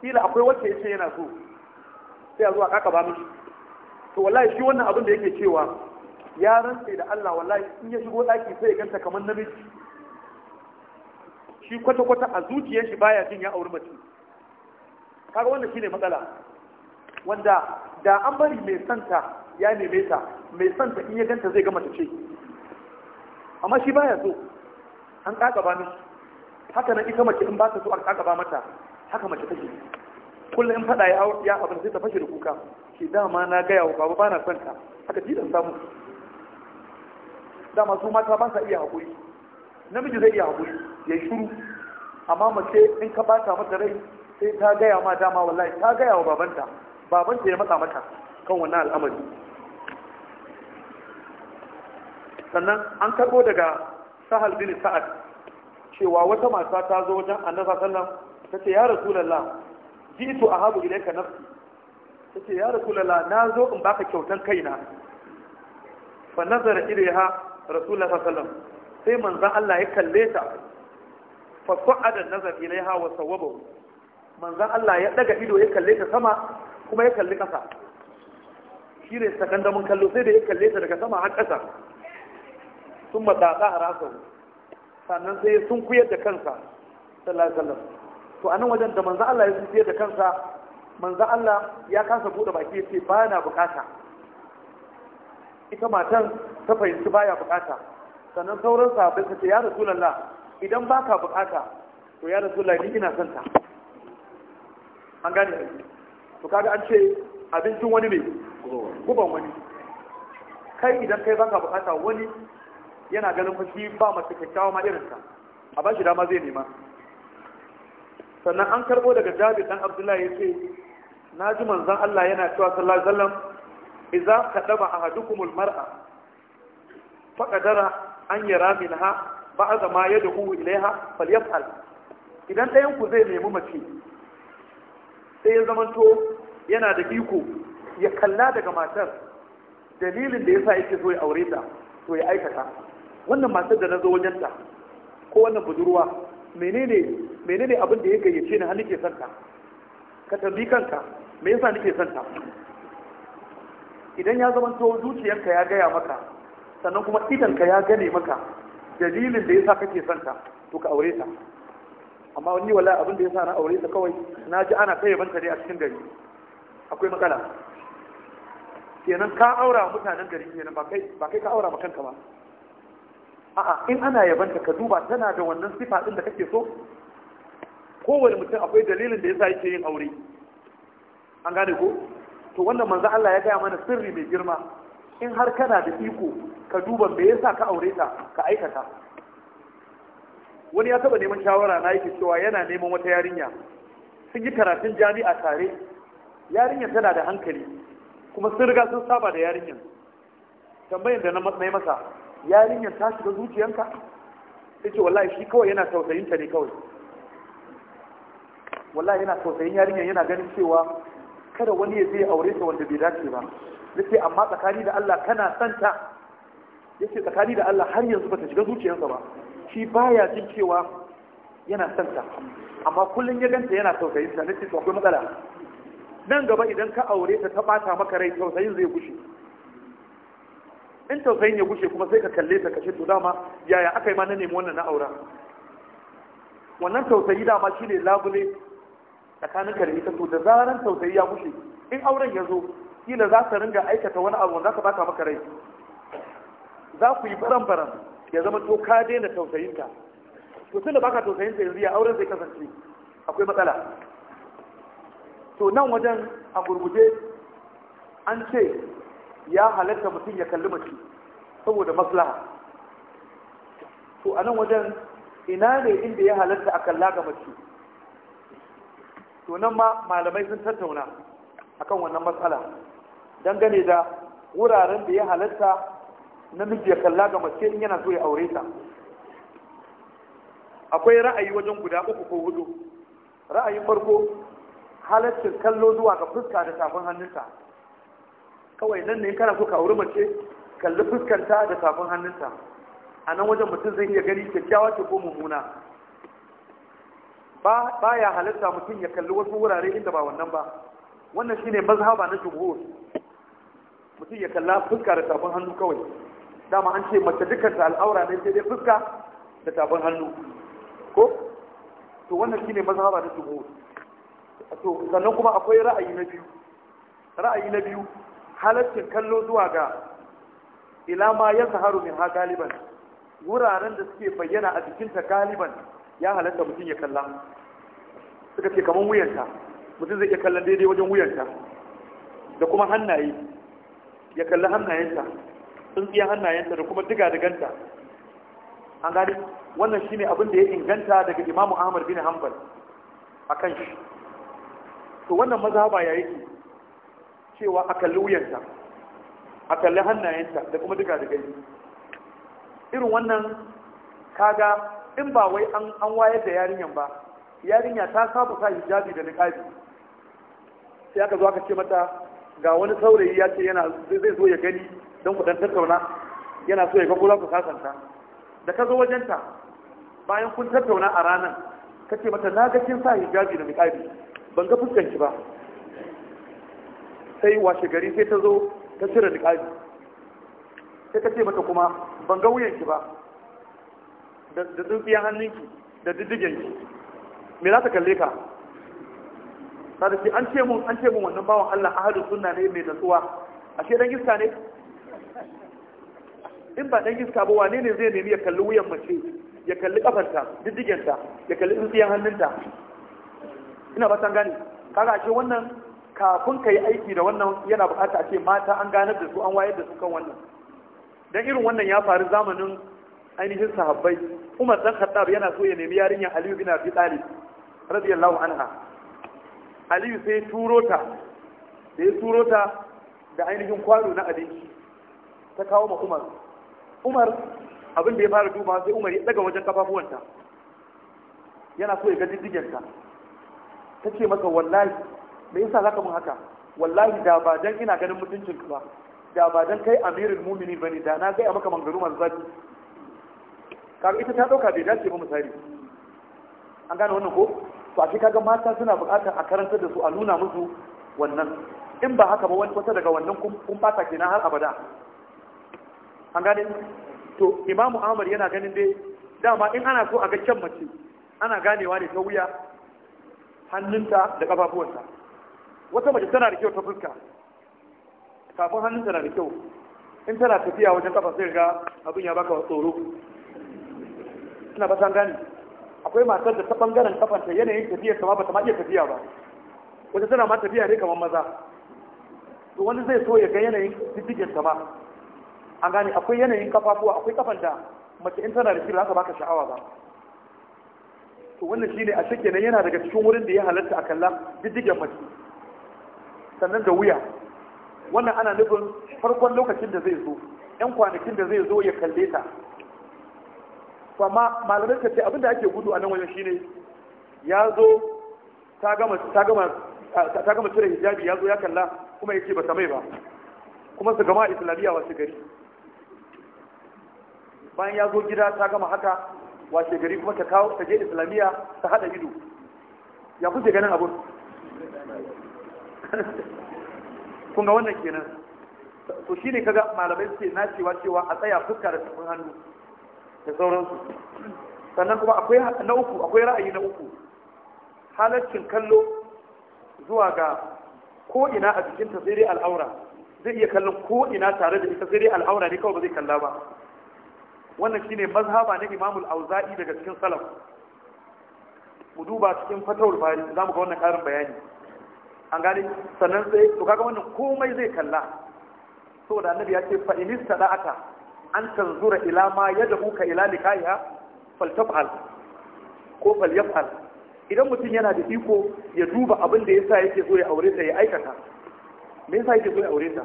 kila akwai wacce ya ce yana so sai a zo a ƙaƙa ba mishi to wallahi shi wannan abin da yake cewa ya rantse da Allah wallahi in ya shigo daki sai ya ganta kamar namiji shi kwata-kwata a zuciyar shi baya jin ya auri mace kaga wannan shine matsala wanda da an bari mai santa ya neme ta mai santa in ya ganta zai ga mace ce amma shi baya so an ba mishi haka nan ita mace in ba ta so an ba mata haka mace take kullum in faɗa ya abin sai ta fashe da kuka shi dama na gaya wa babu, bana son ka haka jidan samu dama su mata ba sa iya haƙuri namiji zai iya haƙuri ya yi shuru amma mace in ka ba ta mata rai sai ta gaya ma dama wallahi ta gaya wa babanta babanta ya matsa mata kan wannan al'amari sannan an karɓo daga sahal bin sa'ad cewa wata mata ta zo wajen annabi sallallahu alaihi wasallam ta ce ya rasulullah jitu ahabu ilayka nafsi tace ya rasulullah na zo in baka kyautan kaina fa nazar ilayha rasulullah sallallahu sallam wasallam sai manzon Allah ya kalle ta fa sa'ada nazar ilayha wa sawwabahu manzon Allah ya daga ido ya kalle ta sama kuma ya kalli kasa shi ne sakandamin kallo sai da ya kalle ta daga sama har kasa sun matsatsa a rasahu sannan sai sun kuyar da kansa sallallahu alaihi wasallam to a nan wajen da manzo Allah ya tsufe da kansa manzo Allah ya kasa bude baki ya ce ba na bukata ita matan ta fahimci baya bukata sannan sauran sahabbai suka ce ya rasulullah idan baka bukata to ya rasulullah ni ina son ta an gane to kaga an ce abincin wani ne guban wani kai idan kai baka bukata wani yana ganin fashi ba mace kyakkyawa ma irinsa a ba shi dama zai nema sannan an karbo daga jabi dan abdullahi ya ce na ji manzan Allah yana cewa sallallahu alaihi wasallam a kadaba ahadukumul mar'a faqadara an yara minha ba'da ma yad'u ilaiha al. idan ɗayan ku zai nemi mace sai ya zamanto yana da iko ya kalla daga matar dalilin da ya sa yake so ya aure ta to ya aikata wannan matar da na zo wajenta ko wannan budurwa menene menene abin da ya gayyace ni har nake son ta ka tambi kanka me yasa nake son ta idan ya zama to zuciyarka ya gaya maka sannan kuma idanka ya gane maka dalilin da yasa kake son ta to ka aure ta amma wani wallahi abin da yasa na aure ta kawai na ji ana kai banta ne a cikin gari akwai matsala kenan ka aura mutanen gari kenan ba kai ba kai ka aura ba kanka ba a'a in ana yabanta ka duba tana da wannan sifa din da kake so kowane mutum akwai dalilin da yasa yake yin aure an gane ko to wannan manzo Allah ya gaya mana sirri mai girma in har kana da iko ka duba me yasa ka aure ta ka aikata wani ya taba neman shawara na yake cewa yana neman wata yarinya sun yi karatun jami'a tare yarinyar tana da hankali kuma sun riga sun saba da yarinyar tambayin da na masa yarinyar ta shiga zuciyanka sai ce wallahi shi kawai yana tausayin ta ne kawai wallahi yana tausayin yarinyar yana ganin cewa kada wani ya zai aure ta wanda bai dace ba yace amma tsakani da Allah kana son ta yace tsakani da Allah har yanzu bata shiga zuciyarsa ba shi baya jin cewa yana son ta amma kullun ya ganta yana tausayin ta nace to akwai matsala nan gaba idan ka aure ta ta bata maka rai tausayin zai gushe in tausayin ya gushe kuma sai ka kalle ta kashe to dama yaya aka yi ma na nemi wannan na aura wannan tausayi dama shi ne labule tsakanin ka ta to da zaran tausayi ya gushe in auren ya zo kila za ta ringa aikata wani abu za ka baka maka rai za ku yi baran-baran ya zama to ka daina tausayinta to tun da baka tausayinta yanzu ya auren zai kasance akwai matsala to nan wajen a gurguje an ce ya halatta mutum ya kalli mace saboda maslaha to a nan wajen ina ne inda ya halatta a kalla ga mace to nan ma malamai sun tattauna akan wannan matsala dangane da wuraren da ya halatta namiji ya kalla ga mace in yana so ya aure ta akwai ra'ayi wajen guda uku ko hudu ra'ayin farko halaccin kallo zuwa ga fuska da tafin hannunta kawai nan ne kana so ka auri mace kalli fuskanta da tafin hannunta a nan wajen mutum zai iya gani kyakkyawa ce ko mummuna ba ya halitta mutum ya kalli wasu wurare inda ba wannan ba wannan shine mazhaba na jumhur mutum ya kalla fuska da tafin hannu kawai dama an ce mace dukkan ta al'aura ne sai dai fuska da tafin hannu ko to wannan shine mazhaba na jumhur to sannan kuma akwai ra'ayi na biyu ra'ayi na biyu halaccin kallo zuwa ga ila ma ya zaharu min ha galiban wuraren da suke bayyana a jikinta galiban ya halatta mutum ya kalla suka ce kamar wuyanta mutum zai iya kallon daidai wajen wuyanta da kuma hannaye ya kalli hannayenta tsintsiya hannayenta da kuma diga ganta. an gani wannan shine abin da ya inganta daga imamu ahmad bin hanbal a kan shi to wannan mazhaba ya yake cewa a kalli wuyanta a kalli hannayenta da kuma duka da gani irin wannan kaga in ba wai an wayar da yarinyar ba yarinya ta saba sa hijabi da niqabi sai aka zo aka ce mata ga wani saurayi ya ce yana zai zo ya gani don ku tattauna yana so ya ga kula ku kasanta da ka zo wajenta bayan kun tattauna a ranar ka ce mata na ga kin sa hijabi da niqabi ban ga fuskanki ba sai washe gari sai ta zo ta cire niƙabi sai ta ce mata kuma ban ga wuyanki ba da tsuntsiyar hannunki da ki. me za ta kalle ka ta da ce an ce mun an ce mun wannan bawan Allah ahadu sunna ne mai natsuwa ashe dan iska ne in ba dan iska ba wane ne zai nemi ya kalli wuyan mace ya kalli kafarta diddigenta ya kalli tsuntsiyar hannunta ina ba san gane kaga ashe wannan kafin ka yi aiki da wannan yana bukata a ce mata an ganar da su an wayar da su kan wannan Don irin wannan ya faru zamanin ainihin sahabbai Umar dan Khattab yana so ya nemi yarinyar Aliyu bin Abi Talib radiyallahu anha Aliyu sai turo ta da ya turo ta da ainihin kwalo na abinci ta kawo ma Umar Umar abin da ya fara duba sai Umar ya daga wajen kafafuwanta yana so ya ga diddigenta ta ce masa wallahi me yasa zaka mun haka wallahi da ba dan ina ganin mutuncin ka ba da ba dan kai amirul mu'minin bane da na ga maka mangaru man zaki kaga ita ta dauka bai dace ba misali an gane wannan ko to a kaga mata suna buƙatar a karantar da su a nuna musu wannan in ba haka ba wani wata daga wannan kun fata kenan har abada an gane to imamu ahmad yana ganin dai dama in ana so a ga kyan mace ana ganewa ne ta wuya hannunta da ƙafafuwanta wata mace tana da kyau ta fuska kafin hannun tana da kyau in tana tafiya wajen kafa sai ga abin ya baka tsoro ina ba san gani akwai matar da ta bangaren kafanta yanayin tafiyar ta ma ba ta ma iya tafiya ba wata tana ma tafiya ne kamar maza to wani zai so ya ga yanayin diddigin ta ma an gane akwai yanayin kafafuwa akwai kafanta mace in tana da shi ba baka sha'awa ba to wannan shine a shake yana daga cikin wurin da ya halatta a kalla diddigen mace sannan da wuya wannan ana nufin farkon lokacin da zai zo yan kwanakin da zai zo ya kalle ta amma malamai ta ce abinda ake gudu a nan wajen shine ya zo ta gama cire hijabi ya zo ya kalla kuma yake ba ta mai ba kuma su gama islamiyya wasu gari bayan ya zo gida ta gama haka washe gari kuma ta kawo ta je islamiyya ta hada ido ya kuke ganin abun kun ga wannan kenan to shine kaga malamai suke nacewa cewa a tsaya fuska da tafin hannu da sauransu sannan kuma akwai na uku akwai ra'ayi na uku halaccin kallo zuwa ga ko ina a jikin tasiri al'aura zai iya kallon ko ina tare da ita sai al'aura ne kawai ba zai kalla ba wannan shine mazhaba na Imamul auzai daga cikin salaf mu duba cikin fatawul bari zamu ga wannan karin bayani an gane sannan sai to kaga wannan komai zai kalla saboda annabi ya ce fa in istada'ata an tanzura ila ma ka ila likaiha faltaf'al ko falyaf'al idan mutum yana da iko ya duba abin da yasa yake so ya aure ta ya aikata me yasa yake so ya aure ta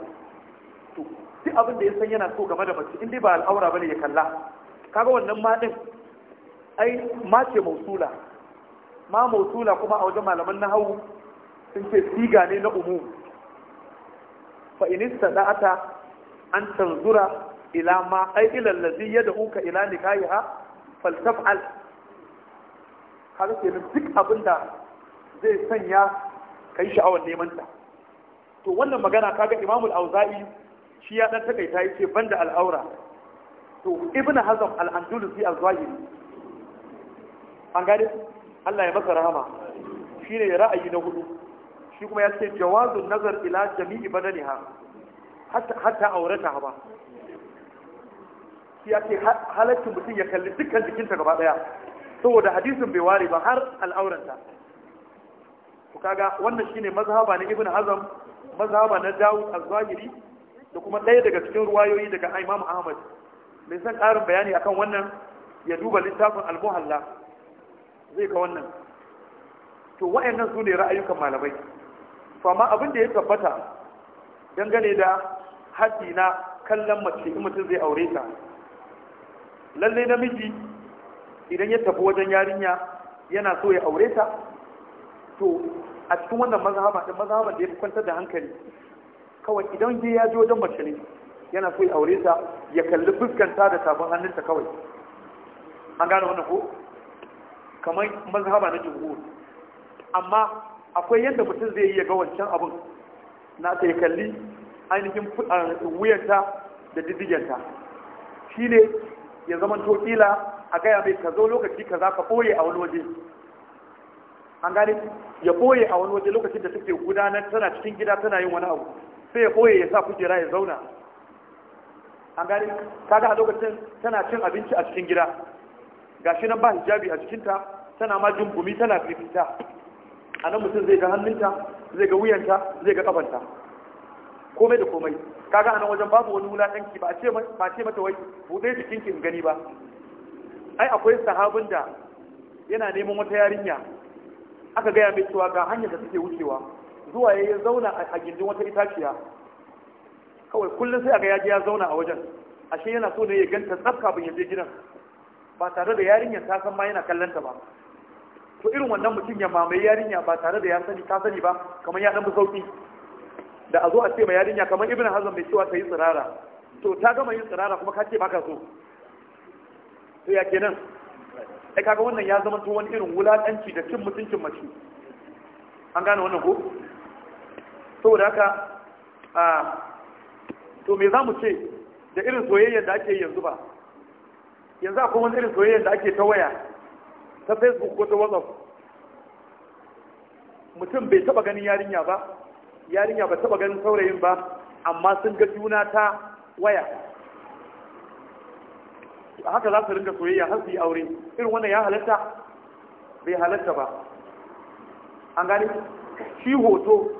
to duk abin da ya san yana so game da mace in dai ba al'aura bane ya kalla kaga wannan ma din ai ma ce mausula ma mausula kuma a wajen malaman na nahawu sun ce siga ne na umu fa inista da'ata an tanzura ila ma ai ila allazi yad'uka ila nikahiha faltaf'al kaga kenan duk abinda zai sanya kai sha'awar neman ta to wannan magana kaga Imamul auzai shi ya dan takaita yace banda al'aura aura to Ibn Hazm al-Andalusi al-Zahiri an gane Allah ya masa rahama shine ra'ayi na hudu shi kuma ya ce jawazun nazar ila jami'i ha hatta aurata ba shi ya ce halaccin mutum ya kalli dukkan jikinta gaba daya saboda hadisin bai ware ba har al'auranta to kaga wannan shine mazhaba na ibn hazm mazhaba na dawu az-zahiri da kuma ɗaya daga cikin ruwayoyi daga imam ahmad mai san ƙarin bayani akan wannan ya duba littafin al-muhalla zai ka wannan to wa'annan su ne ra'ayukan malamai Fa ma abin da ya tabbata dangane da haddi na kallon mace in mutum zai aure ta lallai namiji idan ya tafi wajen yarinya yana so ya aure ta to a cikin wannan mazhaba din mazhaban da ya kwantar da hankali kawai idan je ya je wajen mace ne yana so ya aure ta ya kalli fuskanta da tafin hannunta kawai an gane wannan ko kamar mazhaba na jumhur amma akwai yadda mutum zai yi ga wancan abin na ta kalli ainihin ah, wuyanta da diddigenta shi ne ya zama tokila a gaya mai ka zo lokaci ka za ka ɓoye a wani waje an gane ya ɓoye a wani waje lokacin da take gudanar tana cikin gida tana yin wani abu sai ya ɓoye ya sa kujera ya zauna an gane kaga a lokacin tana cin abinci a cikin gida gashi nan ba hijabi a cikinta tana ma jin gumi tana fifita a mutum zai ga hannunta zai ga wuyanta zai ga kafanta komai da komai kaga a nan wajen babu wani ɗanki ba a ce mata wai buɗe jikinki in gani ba ai akwai sahabin da yana neman wata yarinya aka gaya mai cewa ga hanyar da suke wucewa zuwa ya zauna a gindin wata itaciya kawai kullum sai aga yaji ya zauna a wajen ashe yana so ne ya ganta tsaf kafin ya je gidan ba tare da yarinyar ta san ma yana kallon ta ba to irin wannan mutum ya mamaye yarinya ba tare da ya sani ta sani ba kamar ya dan bi sauki da a zo a ce mai yarinya kamar ibn hazm mai cewa ta yi tsirara to ta gama yin tsirara kuma ka ce baka so to ya kenan ai kaga wannan ya zama to wani irin wulakanci da cin mutuncin mace an gane wannan ko saboda haka a to me za mu ce da irin soyayyar da ake yanzu ba yanzu akwai wani irin soyayyar da ake ta waya ta facebook ko ta whatsapp mutum bai taba ganin yarinya ba yarinya ba taba ganin saurayin ba amma sun ga juna ta waya haka za su ringa soyayya har su yi aure irin wannan ya halatta bai halatta ba an gani shi hoto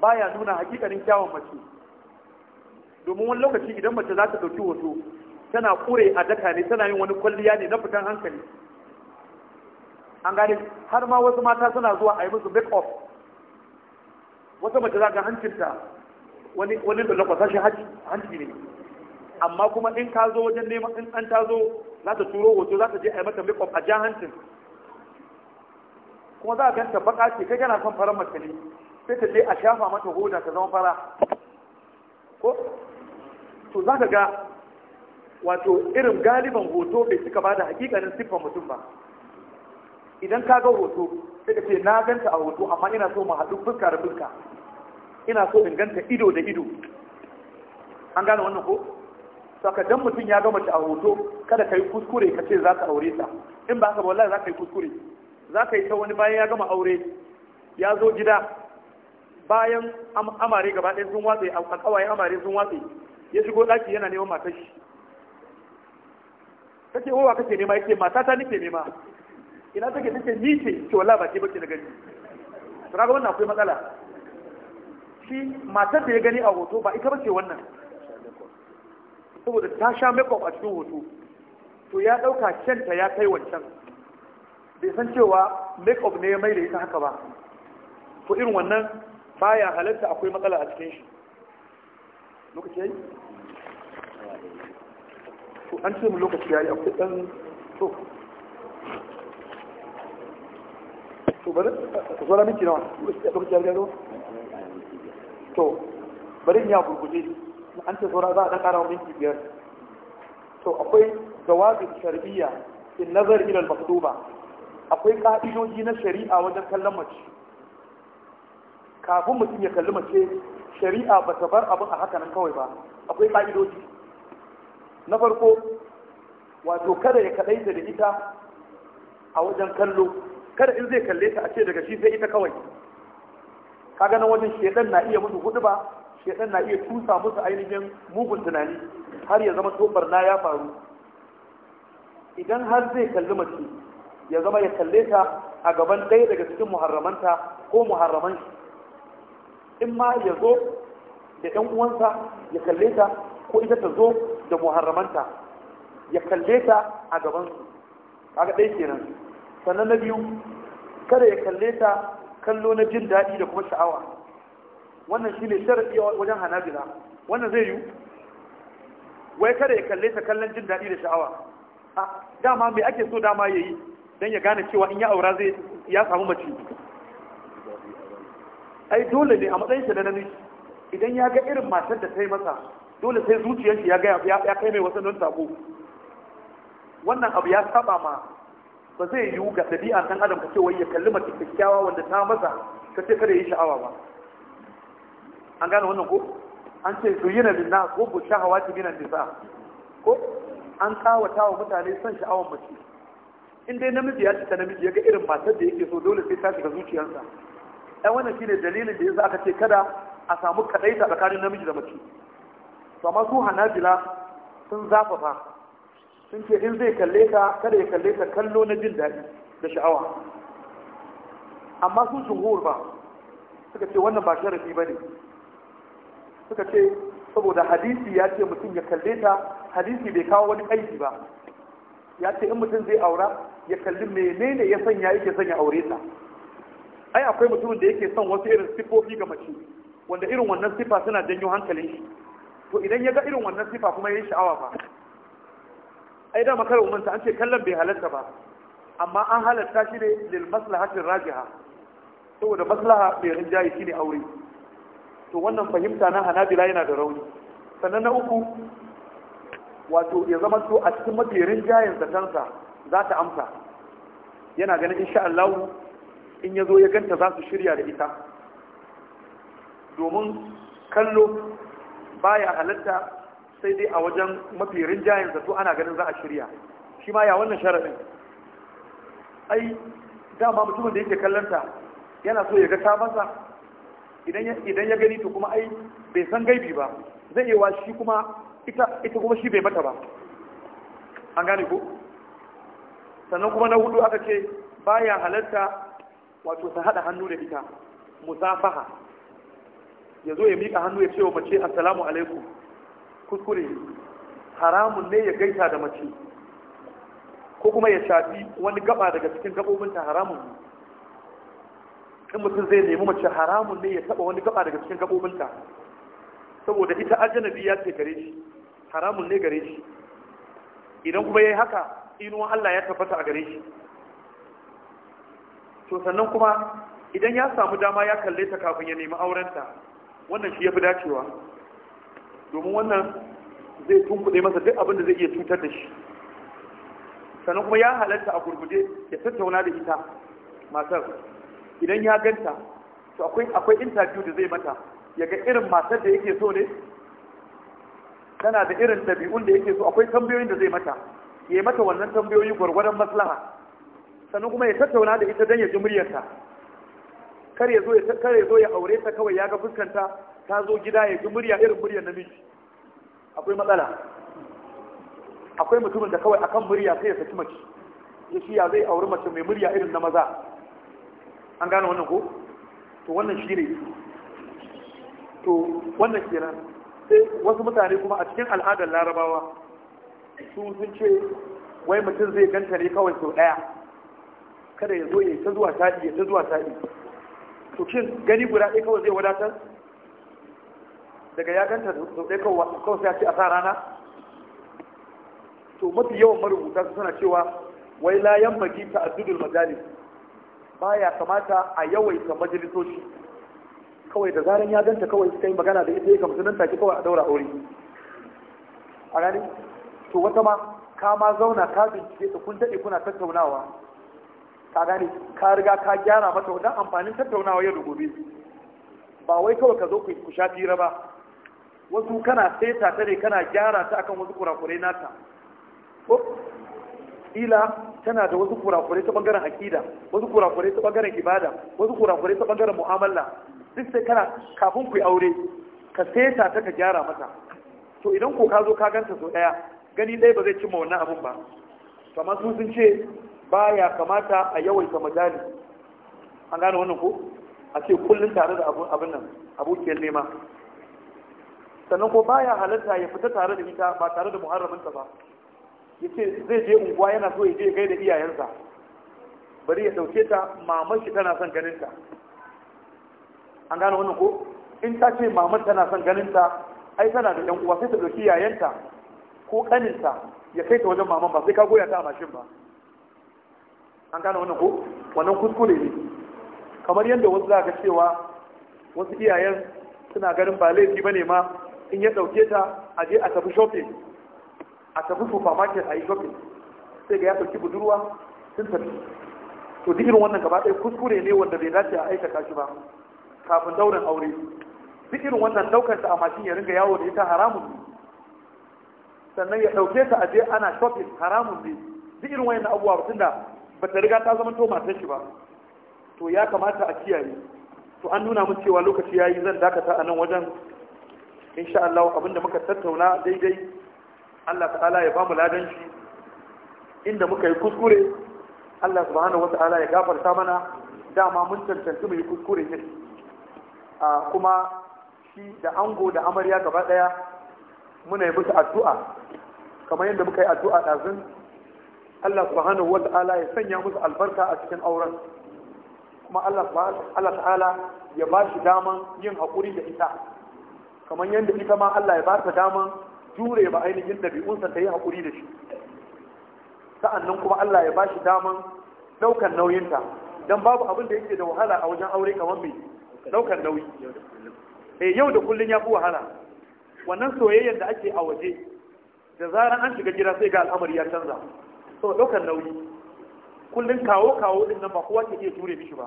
baya nuna hakikanin kyawun mace domin wani lokaci idan mace za ta ɗauki hoto tana ƙure a daka ne tana yin wani kwalliya ne na fitan hankali an gane har ma wasu mata suna zuwa a yi musu make up wata mace za ga hancinta wani wani da lakwasa shi hanci ne amma kuma in ka zo wajen neman in an ta zo za ta turo hoto za ta je a yi mata make up a jan hancin kuma za a ganta baka ce kai kana son farar mace ne sai ta je a shafa mata hoda ta zama fara ko to za ka ga wato irin galiban hoto bai suka ba da hakikanin siffar mutum ba idan ka ga hoto sai ka ce na ganta a hoto amma ina so mu haɗu fuska da fuska ina so in ganta ido da ido an gane wannan ko saka dan mutum ya ga mace a hoto kada ka yi kuskure ka ce za ka aure ta in ba haka ba wallahi za ka yi kuskure za ka yi ta wani bayan ya gama aure ya zo gida bayan amare gaba ɗaya sun watse a kawai amare sun watse ya shigo ɗaki yana neman matar shi kake wowa kake nema yake mata ta nake nema ina take take ni ce ce wallahi ba ke bace da gani to kaga wannan akwai matsala shi matar da ya gani a hoto ba ita bace wannan saboda ta sha makeup a cikin hoto to ya dauka kenta ya kai wancan bai san cewa makeup ne ya mai da ita haka ba to irin wannan baya halatta akwai matsala a cikin shi lokaci yayi to an ce mu lokaci yayi akwai dan to to bari ku zo na miki nawa lokaci ya riga to bari ya gurguje an ce saura za a dan kara minti biyar to akwai zawabin shar'iyya in nazar ila al-maktuba akwai ka'idoji na shari'a wajen kallon mace kafin mutum ya kalli mace shari'a ba ta bar abin a haka nan kawai ba akwai ka'idoji na farko wato kada ya kaɗaita da ita a wajen kallo kada in zai kalle ta a ce daga shi sai ita kawai kaga nan wajen shedan na iya musu hudu ba shedan na iya tusa musu ainihin mugun tunani har ya zama tobar na ya faru idan har zai kalli mace ya zama ya kalle ta a gaban ɗaya daga cikin muharramanta ko muharraman shi in ma ya zo da ɗan uwansa ya kalle ta ko ita ta zo da muharramanta ya kalle ta a gaban su kaga ɗaya kenan sannan na biyu kada ya kalle ta kallo na jin daɗi da kuma sha'awa wannan shine sharadi wajen hanabila wannan zai yi wai kada ya kalle ta kallon jin daɗi da sha'awa a dama mai ake so dama ya yi don ya gane cewa in ya aura zai ya samu mace ai dole ne a matsayin shi na namiji idan ya ga irin matar da ta yi masa dole sai zuciyar ya kai mai wasan don sako wannan abu ya saba ma ba zai yiwu ga ɗabi'a kan adam ka ce wai ya kalli mace kyakkyawa wanda ta masa ka ce kada ya yi sha'awa ba an gane wannan ko an ce yi na nas ko hawa ta minan nisa ko an kawata wa mutane son sha'awar mace in dai namiji ya cika namiji ya ga irin matar da yake so dole sai ta shiga zuciyarsa ɗan wannan shine dalilin da yasa aka ce kada a samu kaɗaita tsakanin namiji da mace to amma su hanabila sun zafafa sun ce in zai kalle ka kada ya kalle ka kallo na jin daɗi da sha'awa amma su jumhur ba suka ce wannan ba sharafi ba ne suka ce saboda hadisi ya ce mutum ya kalle ta hadisi bai kawo wani aiki ba ya ce in mutum zai aura ya kalli menene ya sanya yake sanya aure ta ai akwai mutumin da yake son wasu irin sifofi ga mace wanda irin wannan sifa suna janyo hankalin shi to idan ya ga irin wannan sifa kuma ya yi sha'awa ba ai da kada umanta an ce kallon bai halatta ba amma an halatta shi ne lil maslahatin rajiha saboda maslaha bai rinjaye shi ne aure to wannan fahimta na hanabila yana da rauni sannan na uku wato ya zama to a cikin mafi rinjayen zatansa za ta amsa yana ganin insha Allah in ya zo ya ganta za su shirya da ita domin kallo baya halatta sai dai a wajen mafi rinjayen zato ana ganin za a shirya shi ma ya wannan sharaɗin ai dama mutumin da yake kallonta yana so ya ga sabansa idan ya gani to kuma ai bai san gaibi ba zai yi wa shi kuma ita kuma shi bai mata ba an gane ko sannan kuma na hudu aka ce baya halarta, wato ta haɗa hannu da ita musafaha ya zo ya miƙa hannu ya ce wa mace assalamu alaikum kuskure haramun ne ya gaita da mace ko kuma ya shafi wani gaba daga cikin gabobinta haramun ne in mutum zai nemi mace haramun ne ya taba wani gaba daga cikin gabobinta saboda ita ajanabi ya ce gare shi haramun ne gare shi idan kuma ya yi haka inuwan Allah ya tabbata a gare shi to sannan kuma idan ya samu dama ya kalle ta kafin ya nemi aurenta wannan shi ya fi dacewa domin wannan zai tunkuɗe masa duk abin da zai iya cutar da shi sannan kuma ya halatta a gurguje ya tattauna da ita matar idan ya ganta to akwai akwai interview da zai mata ya ga irin matar da yake so ne tana da irin ɗabi'un da yake so akwai tambayoyin da zai mata ya yi mata wannan tambayoyi gwargwaron maslaha sannan kuma ya tattauna da ita don ya ji muryarta kar ya zo ya kar ya zo ya aure ta kawai ya ga fuskanta ta zo gida ya ji murya irin muryar namiji akwai matsala akwai mutumin da kawai akan murya sai ya saki mace ya shi ya zai auri mace mai murya irin na maza an gane wannan ko to wannan shi ne to wannan kenan sai eh, wasu mutane kuma a cikin al'adar larabawa su sun ce wai mutum zai ganta ne kawai sau ɗaya kada ya zo ya ta zuwa taɗi ya ta zuwa taɗi to gani guda ɗaya kawai zai wadatar daga ya ganta sau ɗaya kawai sai a ce a sa rana to mafi yawan marubuta su suna cewa wai layan yan ta azudul majalis ya kamata a yawaita majalisoshi kawai da zaran ya ganta kawai suka yi magana da ita ya kamata nan take kawai a daura aure a gani to wata ma ka ma zauna ka bincike ta kun daɗe kuna tattaunawa ka gane ka riga ka gyara mata Wannan amfanin tattaunawa yau da gobe ba wai kawai ka zo ku sha fira ba wasu kana seta ta ne kana gyara ta akan wasu kurakurai nata ko ila tana da wasu kurakurai ta bangaren akida wasu kurakurai ta bangaren ibada wasu kurakurai ta bangaren mu'amala duk sai kana kafin ku aure ka seta ta ka gyara mata to idan ko ka zo ka ganta so daya gani dai ba zai cimma wannan abun ba kamar sun ce baya kamata a yawaita majali an gane wannan ko a ce kullum tare da abin nan abokiyar nema sannan ko baya halarta ya fita tare da ita ba tare da muharraminta ba ya ce zai je unguwa yana so ya je gai da iyayensa bari ya dauke ta maman shi tana son ta. an gane wannan ko in ta ce maman tana son ganin ta, ai tana da yan uwa sai ta dauki yayanta ko kaninta ya kai ta wajen maman ba sai ka goya ta a mashin ba an gane wannan ko wannan kuskure ne kamar yadda wasu za ka cewa wasu iyayen suna ganin ba laifi ba ne ma in ya ɗauke ta a je a tafi shopping a tafi supermarket a yi shopping sai ga ya ɗauki budurwa sun tafi to duk irin wannan gaba ɗaya kuskure ne wanda bai dace a aikata shi ba kafin daurin aure duk irin wannan ɗaukar ta a mashin ya ringa yawo da ita haramun ne sannan ya ɗauke ta a je ana shopping haramun ne duk irin wayan abubuwa tun da ba ta riga ta zama to shi ba to ya kamata a kiyaye to an nuna mun cewa lokaci yayi zan dakata a nan wajen insha Allah abinda muka tattauna daidai Allah ta'ala ya bamu ladan shi inda muka yi kuskure Allah subhanahu wata'ala ya gafarta mana dama mun cancanci mu yi kuskure ne a kuma shi da ango da amarya gaba daya muna yi musu addu'a kamar yadda muka yi addu'a ɗazun Allah subhanahu wa ta'ala ya sanya musu albarka a cikin auren kuma Allah ta'ala ya ba shi daman yin haƙuri da ita kamar yadda ita ma Allah ya ba ta daman jure ba ainihin ɗabi'unsa ta yi haƙuri da shi sa'annan kuma Allah ya ba shi daman ɗaukar nauyinta don babu abin da yake da wahala a wajen aure kamar mai ɗaukar nauyi eh yau da kullum ya fi wahala wannan soyayyar da ake a waje da zaran an shiga gida sai ga al'amari ya canza so ɗaukar nauyi kullum kawo kawo din nan ba kowa ke iya jure mishi ba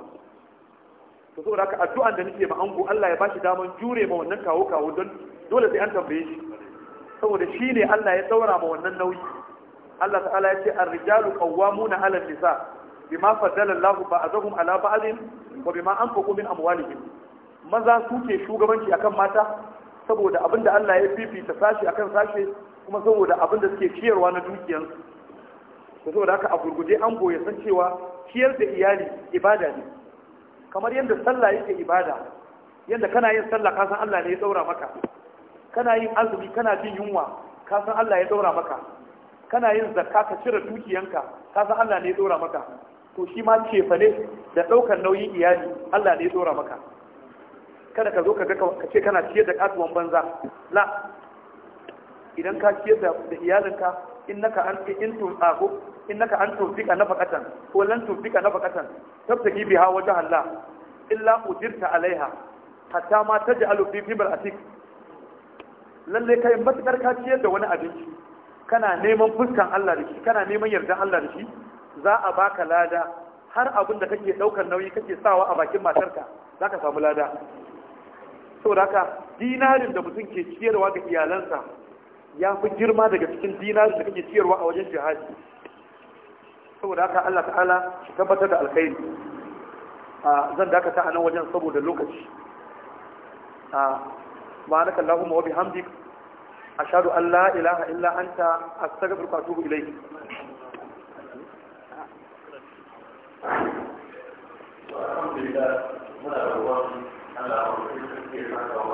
to saboda haka addu'an da nake ma ango Allah ya bashi daman jure ma wannan kawo kawo don dole sai an tambaye shi saboda shi ne Allah ya tsaura ma wannan nauyi Allah ta'ala ya ce ar-rijalu qawwamuna 'ala an-nisa bima faddala Allahu ba'dahum 'ala ba'dhin wa bima anfaqu min amwalihim maza suke shugabanci akan mata saboda abinda Allah ya fifita sashi akan sashi kuma saboda abinda suke ciyarwa na dukiyarsu to saboda haka a gurguje an goye san cewa ciyar da iyali ibada ne kamar yadda sallah yake ibada yadda kana yin sallah ka san Allah ne ya daura maka kana yin azumi kana jin yunwa ka san Allah ya daura maka kana yin zakka ka cire dukiyanka ka san Allah ne ya daura maka to shi ma cefa ne da daukar nauyin iyali Allah ne ya daura maka kada ka zo ka ga ka ce kana ciyar da kasuwan banza la idan ka ciyar da iyalinka innaka an in tun ah, innaka an tufika nafaqatan ko lan tufika nafaqatan tabtaki biha wajha Allah illa udirta alaiha hatta ma taj'alu fi fibr atik lalle kai matakar ka ciyar da wani abinci kana neman fuskan Allah da shi kana neman yardan Allah da shi za a baka lada har abin da kake daukar nauyi kake sawa a bakin matarka zaka samu lada saboda haka dinarin da mutum ke ciyarwa ga iyalansa ya fi girma daga cikin dina da kake ciyarwa a wajen jihadi saboda haka Allah ta'ala shi tabbatar da alkhairi zan dakata a nan wajen saboda lokaci a ma'anaka Allahumma wa bihamdik ashhadu an la ilaha illa anta astaghfiruka wa atubu ilayk Thank you.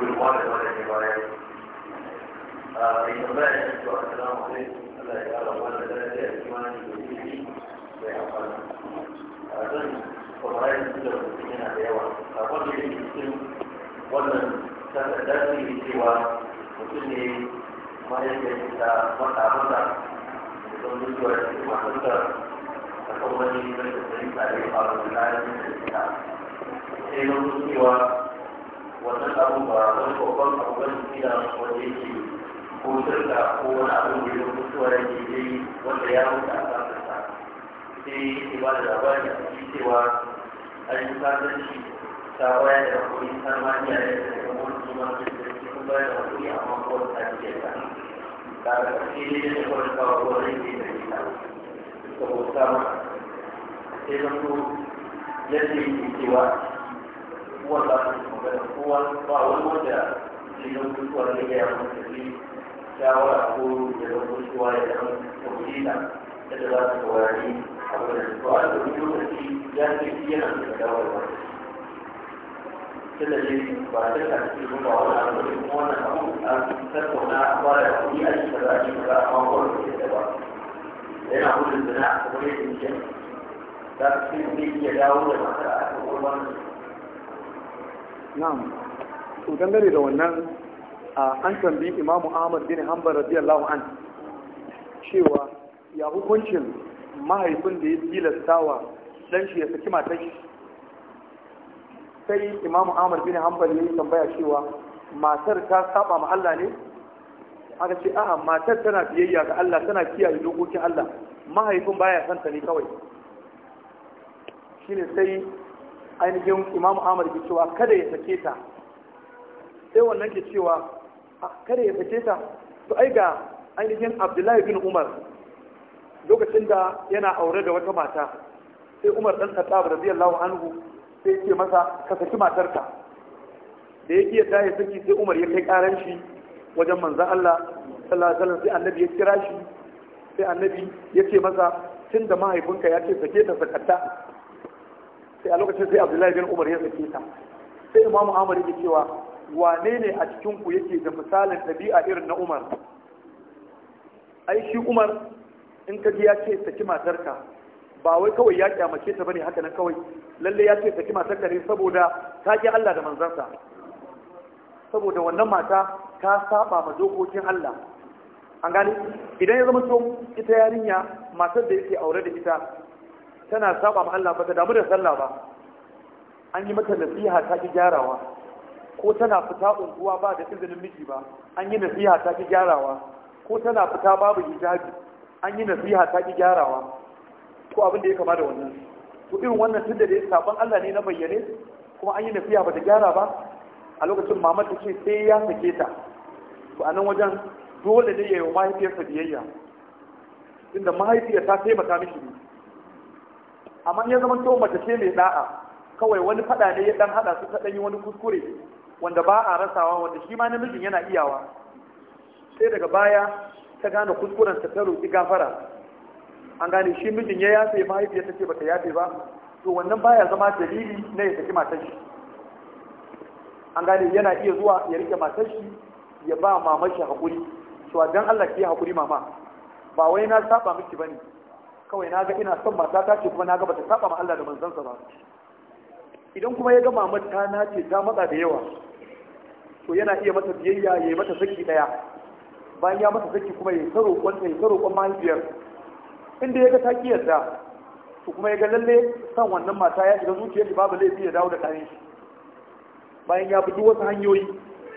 والقادة ولا الجبارات فإنما يجب السلام عليكم ألا يقال ولا ذلك الإيمان يجب ويحفظنا أظن قرآن كل المسلمين بيوان أقول لي المسلم ومن تأتي سوى مسلم ما يجب متى متى يكون سوى المحفظة أقول لي من تسليم عليه قال الله عليه وسلم إيه نقول سوى wannan abubuwa wani babban abu ba ne da wanda yake ko shirka ko wani abu da ya mutuwa da ke yi wanda ya mutu a kansa sai yake ba da labari a cikin cewa an yi sasanci ta waya da hakuri ta maniya da ya tafi wani kuma da ke kuma da hakuri a ko ta ke ta. ta da ƙarshe ne da kawai kawo wani ne da ke ta saboda sai zan so yadda yake cewa هو الباقي هو هو المرجع ليوم كسوة لكي يعمل تسليم شاور أقول ليوم كسوة يعمل توليدا تدرس الوالدين حول السؤال ويوم التي يأتي فيها من الدولة الوالدين كده ليه وعندك في الموضوع ده وانا هقول ان تكون عباره في اي شباب بقى موضوع كده هنا اقول البناء قضيه الجن ده في دي جداول مثلا na'am to dangane da wannan an tambi imamu ahmad bin hanbal radiyallahu an cewa ya hukuncin mahaifin da ya tilastawa dan shi ya saki matar shi sai imamu ahmad bin hanbal ya yi tambaya cewa matar ta saba ma Allah ne aka ce a'a matar tana biyayya ga Allah tana kiyaye dokokin Allah mahaifin baya santa ta ne kawai shine sai ainihin imamu amur ke cewa kada ya sake ta sai wannan ke cewa ah, kada ya sake ta to ai ga ainihin abdullahi bin umar lokacin da yana aure da wata mata sai umar dan khattab radiyallahu anhu sai yake masa ka saki matarka da ya iya saki sai umar ya kai karan shi wajen manzon Allah sallallahu alaihi wasallam sai annabi ya kira shi sai annabi ya ce masa tun da mahaifinka ya ce sake ta sakatta sai a lokacin sai abdullahi bin umar ya sake ta sai imamu amar ya cewa wane ne a cikin ku yake da misalin ɗabi'a irin na umar ai shi umar in ka ji ya ce saki matarka ba wai kawai ya kyamace ta bane haka nan kawai lalle ya ce saki matarka ne saboda ta ki Allah da manzansa saboda wannan mata ta saba ma dokokin Allah an gani idan ya zama so ita yarinya matar da yake aure da ita tana saba ma Allah ba ta damu da sallah ba an yi mata nasiha ta ki gyarawa ko tana fita unguwa ba da izinin miji ba an yi nasiha ta ki gyarawa ko tana fita babu hijabi an yi nasiha ta ki gyarawa ko abin da ya kama da wannan to irin wannan tunda da ya saban Allah ne na bayyane kuma an yi nasiha ba ta gyara ba a lokacin mamar ta ce sai ya sake ta to a nan wajen dole ne ya yi wa mahaifiyarsa biyayya inda mahaifiyar ta taimaka miki ne amma ya zama to mace ce mai da'a kawai wani fada ne ya dan hada su ta dan yi wani kuskure wanda ba a rasawa wanda shi ma namijin yana iyawa sai daga baya ta gane kuskuren ta ta ki gafara an gane shi mijin ya yafe mahaifiyar ta ce bata yafe ba to wannan baya zama dalili na ya saki matar shi an gane yana iya zuwa ya rike matar shi ya ba mamar shi hakuri to dan Allah ki hakuri mama ba wai na saba miki bane kawai na ga ina son mata ta ce kuma na ga bata saba ma Allah da manzansa ba idan kuma ya ga mamar ta nace ta matsa da yawa to yana iya mata biyayya ya yi mata saki daya bayan ya mata saki kuma ya saro kwanta ya saro kwan mahaifiyar inda ya ga ta kiyarta to kuma ya ga lalle san wannan mata ya shiga zuciyar shi babu laifi ya dawo da kayan shi bayan ya bi duk wasu hanyoyi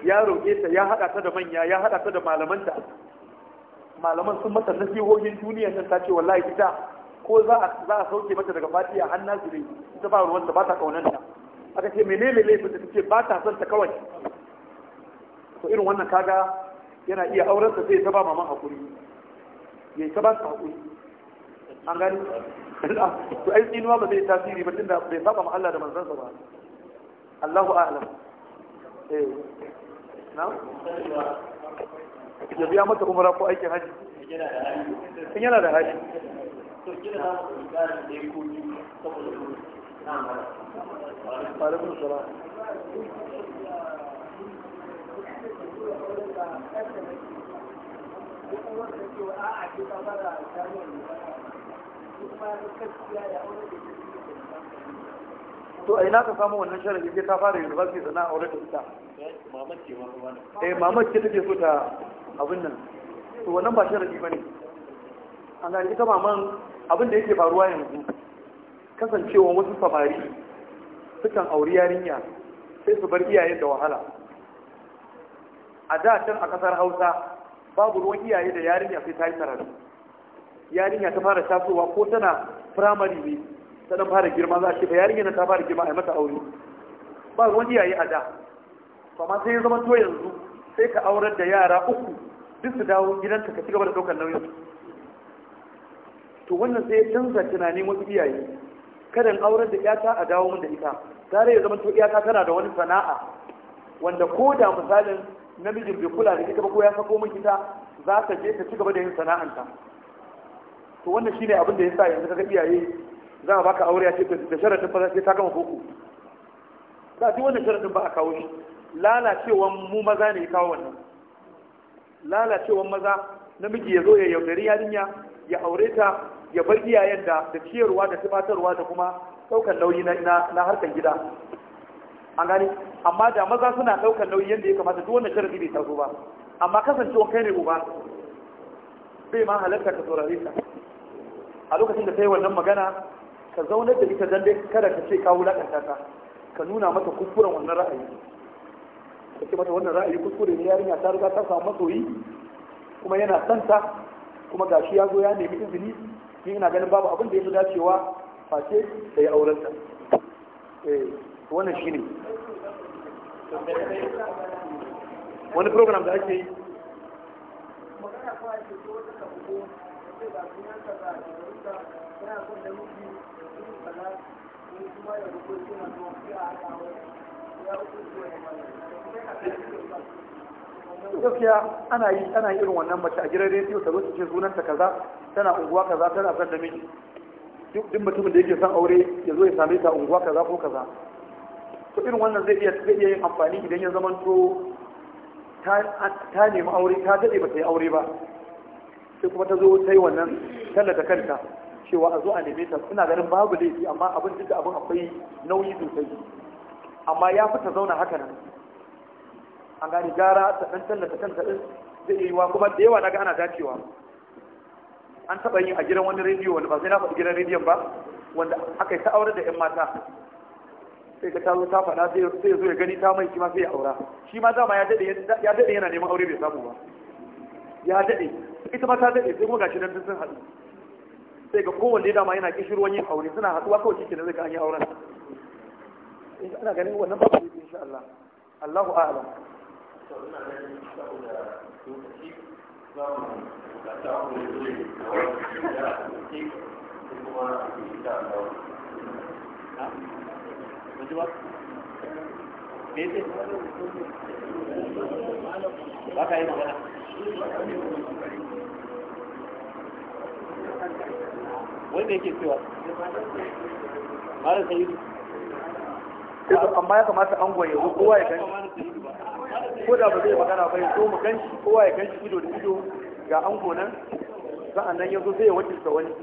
ya roƙe ta ya haɗa ta da manya ya haɗa ta da malamanta malaman sun mata nasihohin duniya sun ta ce wallahi ita ko za a za a sauke mata daga fatiya har nazire ita ba wanda ba ta kaunan ta aka ce menene laifin da take ba ta son ta kawai to irin wannan kaga yana iya auren ta sai ta ba maman hakuri yayi ta ba ta hakuri an gani to ai tsinuwa ba zai tasiri ba tunda bai saba ma Allah da manzansa ba Allahu a'lam eh na ya biya mata umara ko aikin haji in yana da haji Thank to a ina ka samu wannan sharadi ke ta fara university sana a wurin ta eh mamar ce take so ta abin nan to wannan ba ba bane an ga ita maman abin da yake faruwa yanzu kasancewa wasu samari sukan auri yarinya sai su bar iyayen da wahala a da can a kasar hausa babu ruwan iyaye da yarinya sai ta yi karatu yarinya ta fara tasowa ko tana firamare ne ta dan fara girma za a ce yarinya na ta fara girma a mata aure ba wani yayi a da amma sai ya zama to yanzu sai ka aurar da yara uku duk su dawo gidanta ka cigaba da daukar nauyin to wannan sai ya canza tunanin wasu iyaye kada in aurar da iyata a dawo min da ita tare ya zama to iyata tana da wani sana'a wanda ko da misalin namijin bai kula da ita ba ko ya sako min ita za ka je ka cigaba da yin sana'anta to wannan shine abin da ya sa yanzu kaga iyaye za a baka aure a ce da sharaɗin ba ce ta gama boko za duk wannan sharaɗin ba a kawo shi lalacewan mu maza ne ya kawo wannan lalacewan maza namiji ya zo ya yaudari yarinya ya aure ta ya bar iyayen da da ciyarwa da tubatarwa da kuma ɗaukar nauyi na harkar gida an gani amma da maza suna ɗaukar nauyi yadda ya kamata duk wannan sharadi bai taso ba amma kasancewa kai ne uba bai ma halarta ka saurare ta. a lokacin da ta yi wannan magana ka zaunar da ita dai kada ka ce kawo lakanta ta ka nuna mata kuskuren wannan ra'ayi ka ce mata wannan ra'ayi kuskure ne yarinya ta riga ta samu masoyi kuma yana santa kuma gashi ya zo ya nemi izini ni ina ganin babu abin da ya fi dacewa face da ya auren ta eh wannan shine wani program da ake yi magana ko ake ko ko sai sunan ta da son da gaskiya ana yi ana yi irin wannan mace a gidan rediyo ta zo ta ce sunanta kaza tana unguwa kaza tana san da miji duk mutumin da yake son aure ya zo ya same ta unguwa kaza ko kaza to irin wannan zai iya zai iya yin amfani idan ya to ta nemi aure ta daɗe ba ta yi aure ba sai kuma ta zo ta yi wannan tallata kanta cewa a zo a neme ta suna ganin babu laifi amma abin duk abin akwai nauyi sosai amma ya fita zauna haka nan an gani gara ta dan tallata kanta din zai yi wa kuma da yawa na ga ana dacewa an taɓa yin a gidan wani rediyo wanda ba sai na faɗi gidan rediyon ba wanda aka yi ta aure da 'yan mata sai ka tazo ta faɗa sai ya zo ya gani ta mai shi ma sai ya aura shi ma dama ya daɗe yana neman aure bai samu ba ya daɗe ita ma ta daɗe sai kuma gashi nan sun haɗu sai ga kowanne dama yana kishirwan wani aure suna haɗuwa kawai cikin zai ga an auren ina eh, ganin wannan babu ne insha Allah Allahu a'lam ba ka yi magana wanda yake cewa mara sayidu eh, amma ya kamata an goye kowa ya gani ko da ba zai magana ba ya zo mu ganshi kowa ya ganshi ido da ido ga ango nan a nan ya zo zai wakilta wani